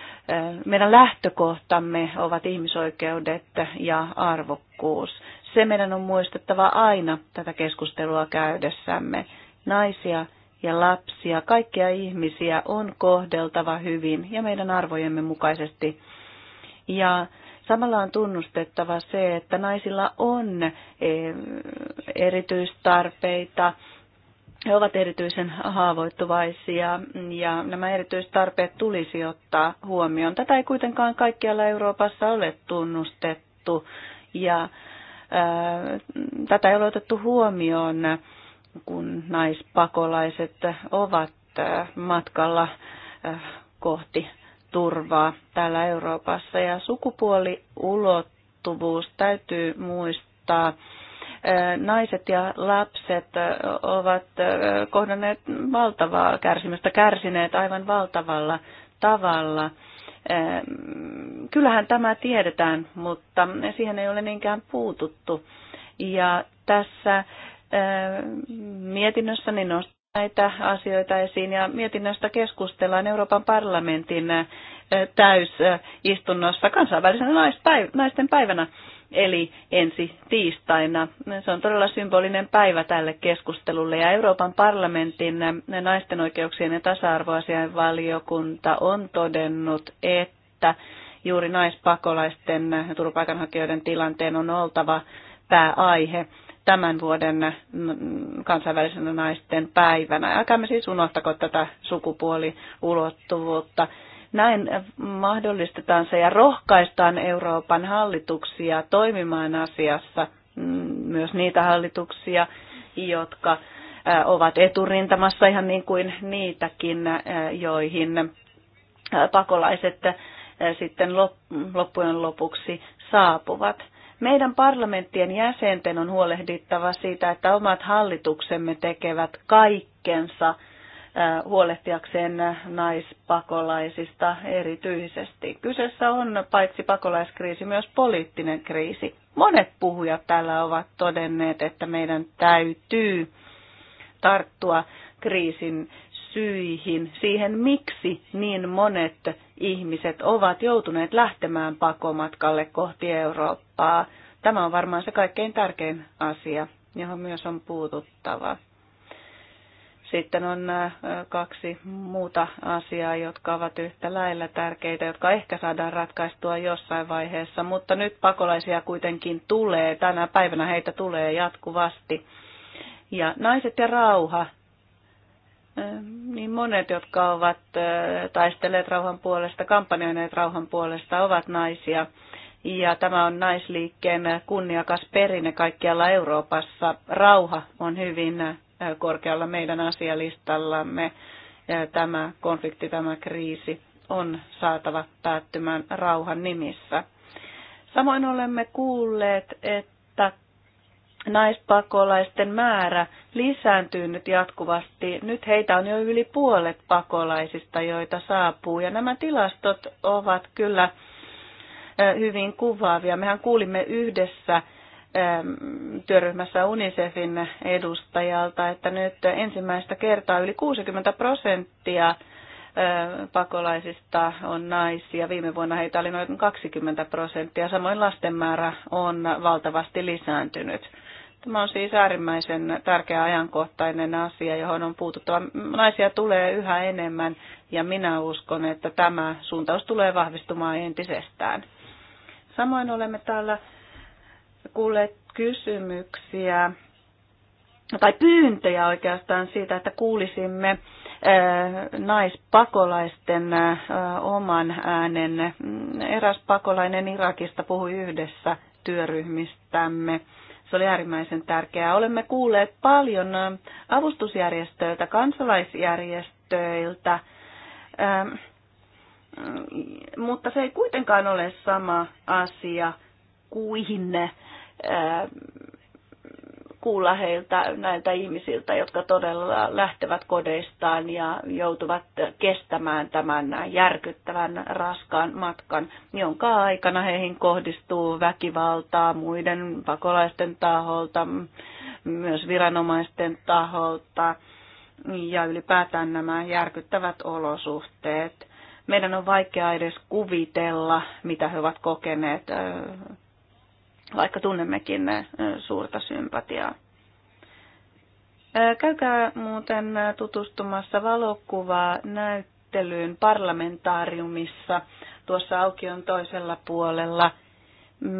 meidän lähtökohtamme ovat ihmisoikeudet ja arvokkuus. Se meidän on muistettava aina tätä keskustelua käydessämme. Naisia ja lapsia, kaikkia ihmisiä on kohdeltava hyvin ja meidän arvojemme mukaisesti. Ja samalla on tunnustettava se, että naisilla on eh, erityistarpeita, he ovat erityisen haavoittuvaisia ja nämä erityistarpeet tulisi ottaa huomioon. Tätä ei kuitenkaan kaikkialla Euroopassa ole tunnustettu ja ää, eh, tätä ei ole otettu huomioon kun naispakolaiset ovat matkalla kohti turvaa täällä Euroopassa. Ja sukupuoliulottuvuus täytyy muistaa. Naiset ja lapset ovat kohdanneet valtavaa kärsimystä, kärsineet aivan valtavalla tavalla. Kyllähän tämä tiedetään, mutta siihen ei ole niinkään puututtu. Ja tässä mietinnössäni niin nostaa näitä asioita esiin ja mietinnöstä keskustellaan Euroopan parlamentin täysistunnossa kansainvälisen naisten päivänä eli ensi tiistaina. Se on todella symbolinen päivä tälle keskustelulle ja Euroopan parlamentin naisten oikeuksien ja tasa-arvoasian valiokunta on todennut, että juuri naispakolaisten ja turvapaikanhakijoiden tilanteen on oltava pääaihe tämän vuoden mm, kansainvälisenä naisten päivänä. Älkäämme siis unohtako tätä sukupuoliulottuvuutta. Näin mahdollistetaan se ja rohkaistaan Euroopan hallituksia toimimaan asiassa, mm, myös niitä hallituksia, jotka ovat eturintamassa ihan niin kuin niitäkin, joihin pakolaiset sitten loppujen lopuksi saapuvat meidän parlamenttien jäsenten on huolehdittava siitä, että omat hallituksemme tekevät kaikkensa äh, huolehtiakseen naispakolaisista erityisesti. Kyseessä on paitsi pakolaiskriisi myös poliittinen kriisi. Monet puhujat täällä ovat todenneet, että meidän täytyy tarttua kriisin syihin, siihen miksi niin monet ihmiset ovat joutuneet lähtemään pakomatkalle kohti Eurooppaa. Tämä on varmaan se kaikkein tärkein asia, johon myös on puututtava. Sitten on äh, kaksi muuta asiaa, jotka ovat yhtä lailla tärkeitä, jotka ehkä saadaan ratkaistua jossain vaiheessa, mutta nyt pakolaisia kuitenkin tulee, tänä päivänä heitä tulee jatkuvasti. Ja naiset ja rauha niin monet, jotka ovat taistelleet rauhan puolesta, kampanjoineet rauhan puolesta, ovat naisia. Ja tämä on naisliikkeen kunniakas perinne kaikkialla Euroopassa. Rauha on hyvin korkealla meidän asialistallamme. Tämä konflikti, tämä kriisi on saatava päättymään rauhan nimissä. Samoin olemme kuulleet, että naispakolaisten määrä lisääntyy nyt jatkuvasti. Nyt heitä on jo yli puolet pakolaisista, joita saapuu. Ja nämä tilastot ovat kyllä hyvin kuvaavia. Mehän kuulimme yhdessä työryhmässä UNICEFin edustajalta, että nyt ensimmäistä kertaa yli 60 prosenttia pakolaisista on naisia. Viime vuonna heitä oli noin 20 prosenttia. Samoin lasten määrä on valtavasti lisääntynyt. Tämä on siis äärimmäisen tärkeä ajankohtainen asia, johon on puututtava. Naisia tulee yhä enemmän ja minä uskon, että tämä suuntaus tulee vahvistumaan entisestään. Samoin olemme täällä kuulleet kysymyksiä tai pyyntöjä oikeastaan siitä, että kuulisimme äh, naispakolaisten äh, oman äänen. Eräs pakolainen Irakista puhui yhdessä työryhmistämme se oli äärimmäisen tärkeää. Olemme kuulleet paljon avustusjärjestöiltä, kansalaisjärjestöiltä, mm, mutta se ei kuitenkaan ole sama asia kuin kuulla heiltä näiltä ihmisiltä, jotka todella lähtevät kodeistaan ja joutuvat kestämään tämän järkyttävän raskaan matkan, jonka aikana heihin kohdistuu väkivaltaa muiden pakolaisten taholta, myös viranomaisten taholta ja ylipäätään nämä järkyttävät olosuhteet. Meidän on vaikea edes kuvitella, mitä he ovat kokeneet vaikka tunnemmekin äh, suurta sympatiaa. Äh, käykää muuten äh, tutustumassa valokuvaa näyttelyyn parlamentaariumissa tuossa aukion toisella puolella.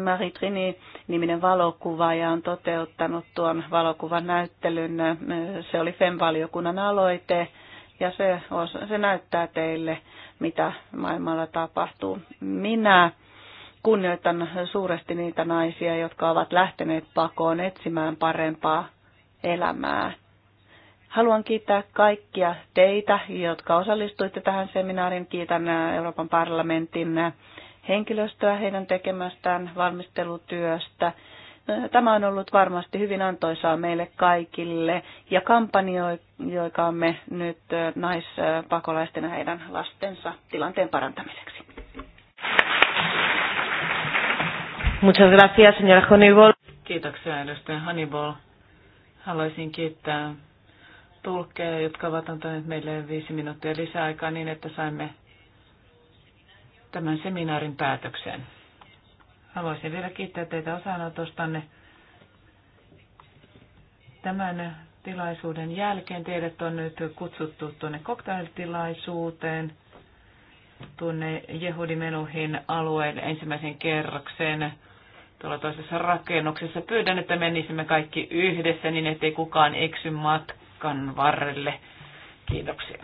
Marie Trini niminen valokuvaaja on toteuttanut tuon valokuvan näyttelyn. Se oli FEM-valiokunnan aloite ja se, se näyttää teille, mitä maailmalla tapahtuu. Minä kunnioitan suuresti niitä naisia, jotka ovat lähteneet pakoon etsimään parempaa elämää. Haluan kiittää kaikkia teitä, jotka osallistuitte tähän seminaarin. Kiitän Euroopan parlamentin henkilöstöä heidän tekemästään valmistelutyöstä. Tämä on ollut varmasti hyvin antoisaa meille kaikille ja kampanjoikaamme nyt naispakolaisten ja heidän lastensa tilanteen parantamiseksi.
Muchas gracias, señora Honeyball.
Kiitoksia, edustaja Honeyball.
Haluaisin kiittää tulkkeja, jotka ovat antaneet meille viisi minuuttia lisäaikaa niin, että saimme tämän seminaarin päätökseen. Haluaisin vielä kiittää teitä osanotostanne. Tämän tilaisuuden jälkeen teidät on nyt kutsuttu tuonne koktailtilaisuuteen, tuonne Jehudi Menuhin alueen ensimmäisen kerroksen tuolla toisessa rakennuksessa. Pyydän, että menisimme kaikki yhdessä niin, ettei kukaan eksy matkan varrelle. Kiitoksia.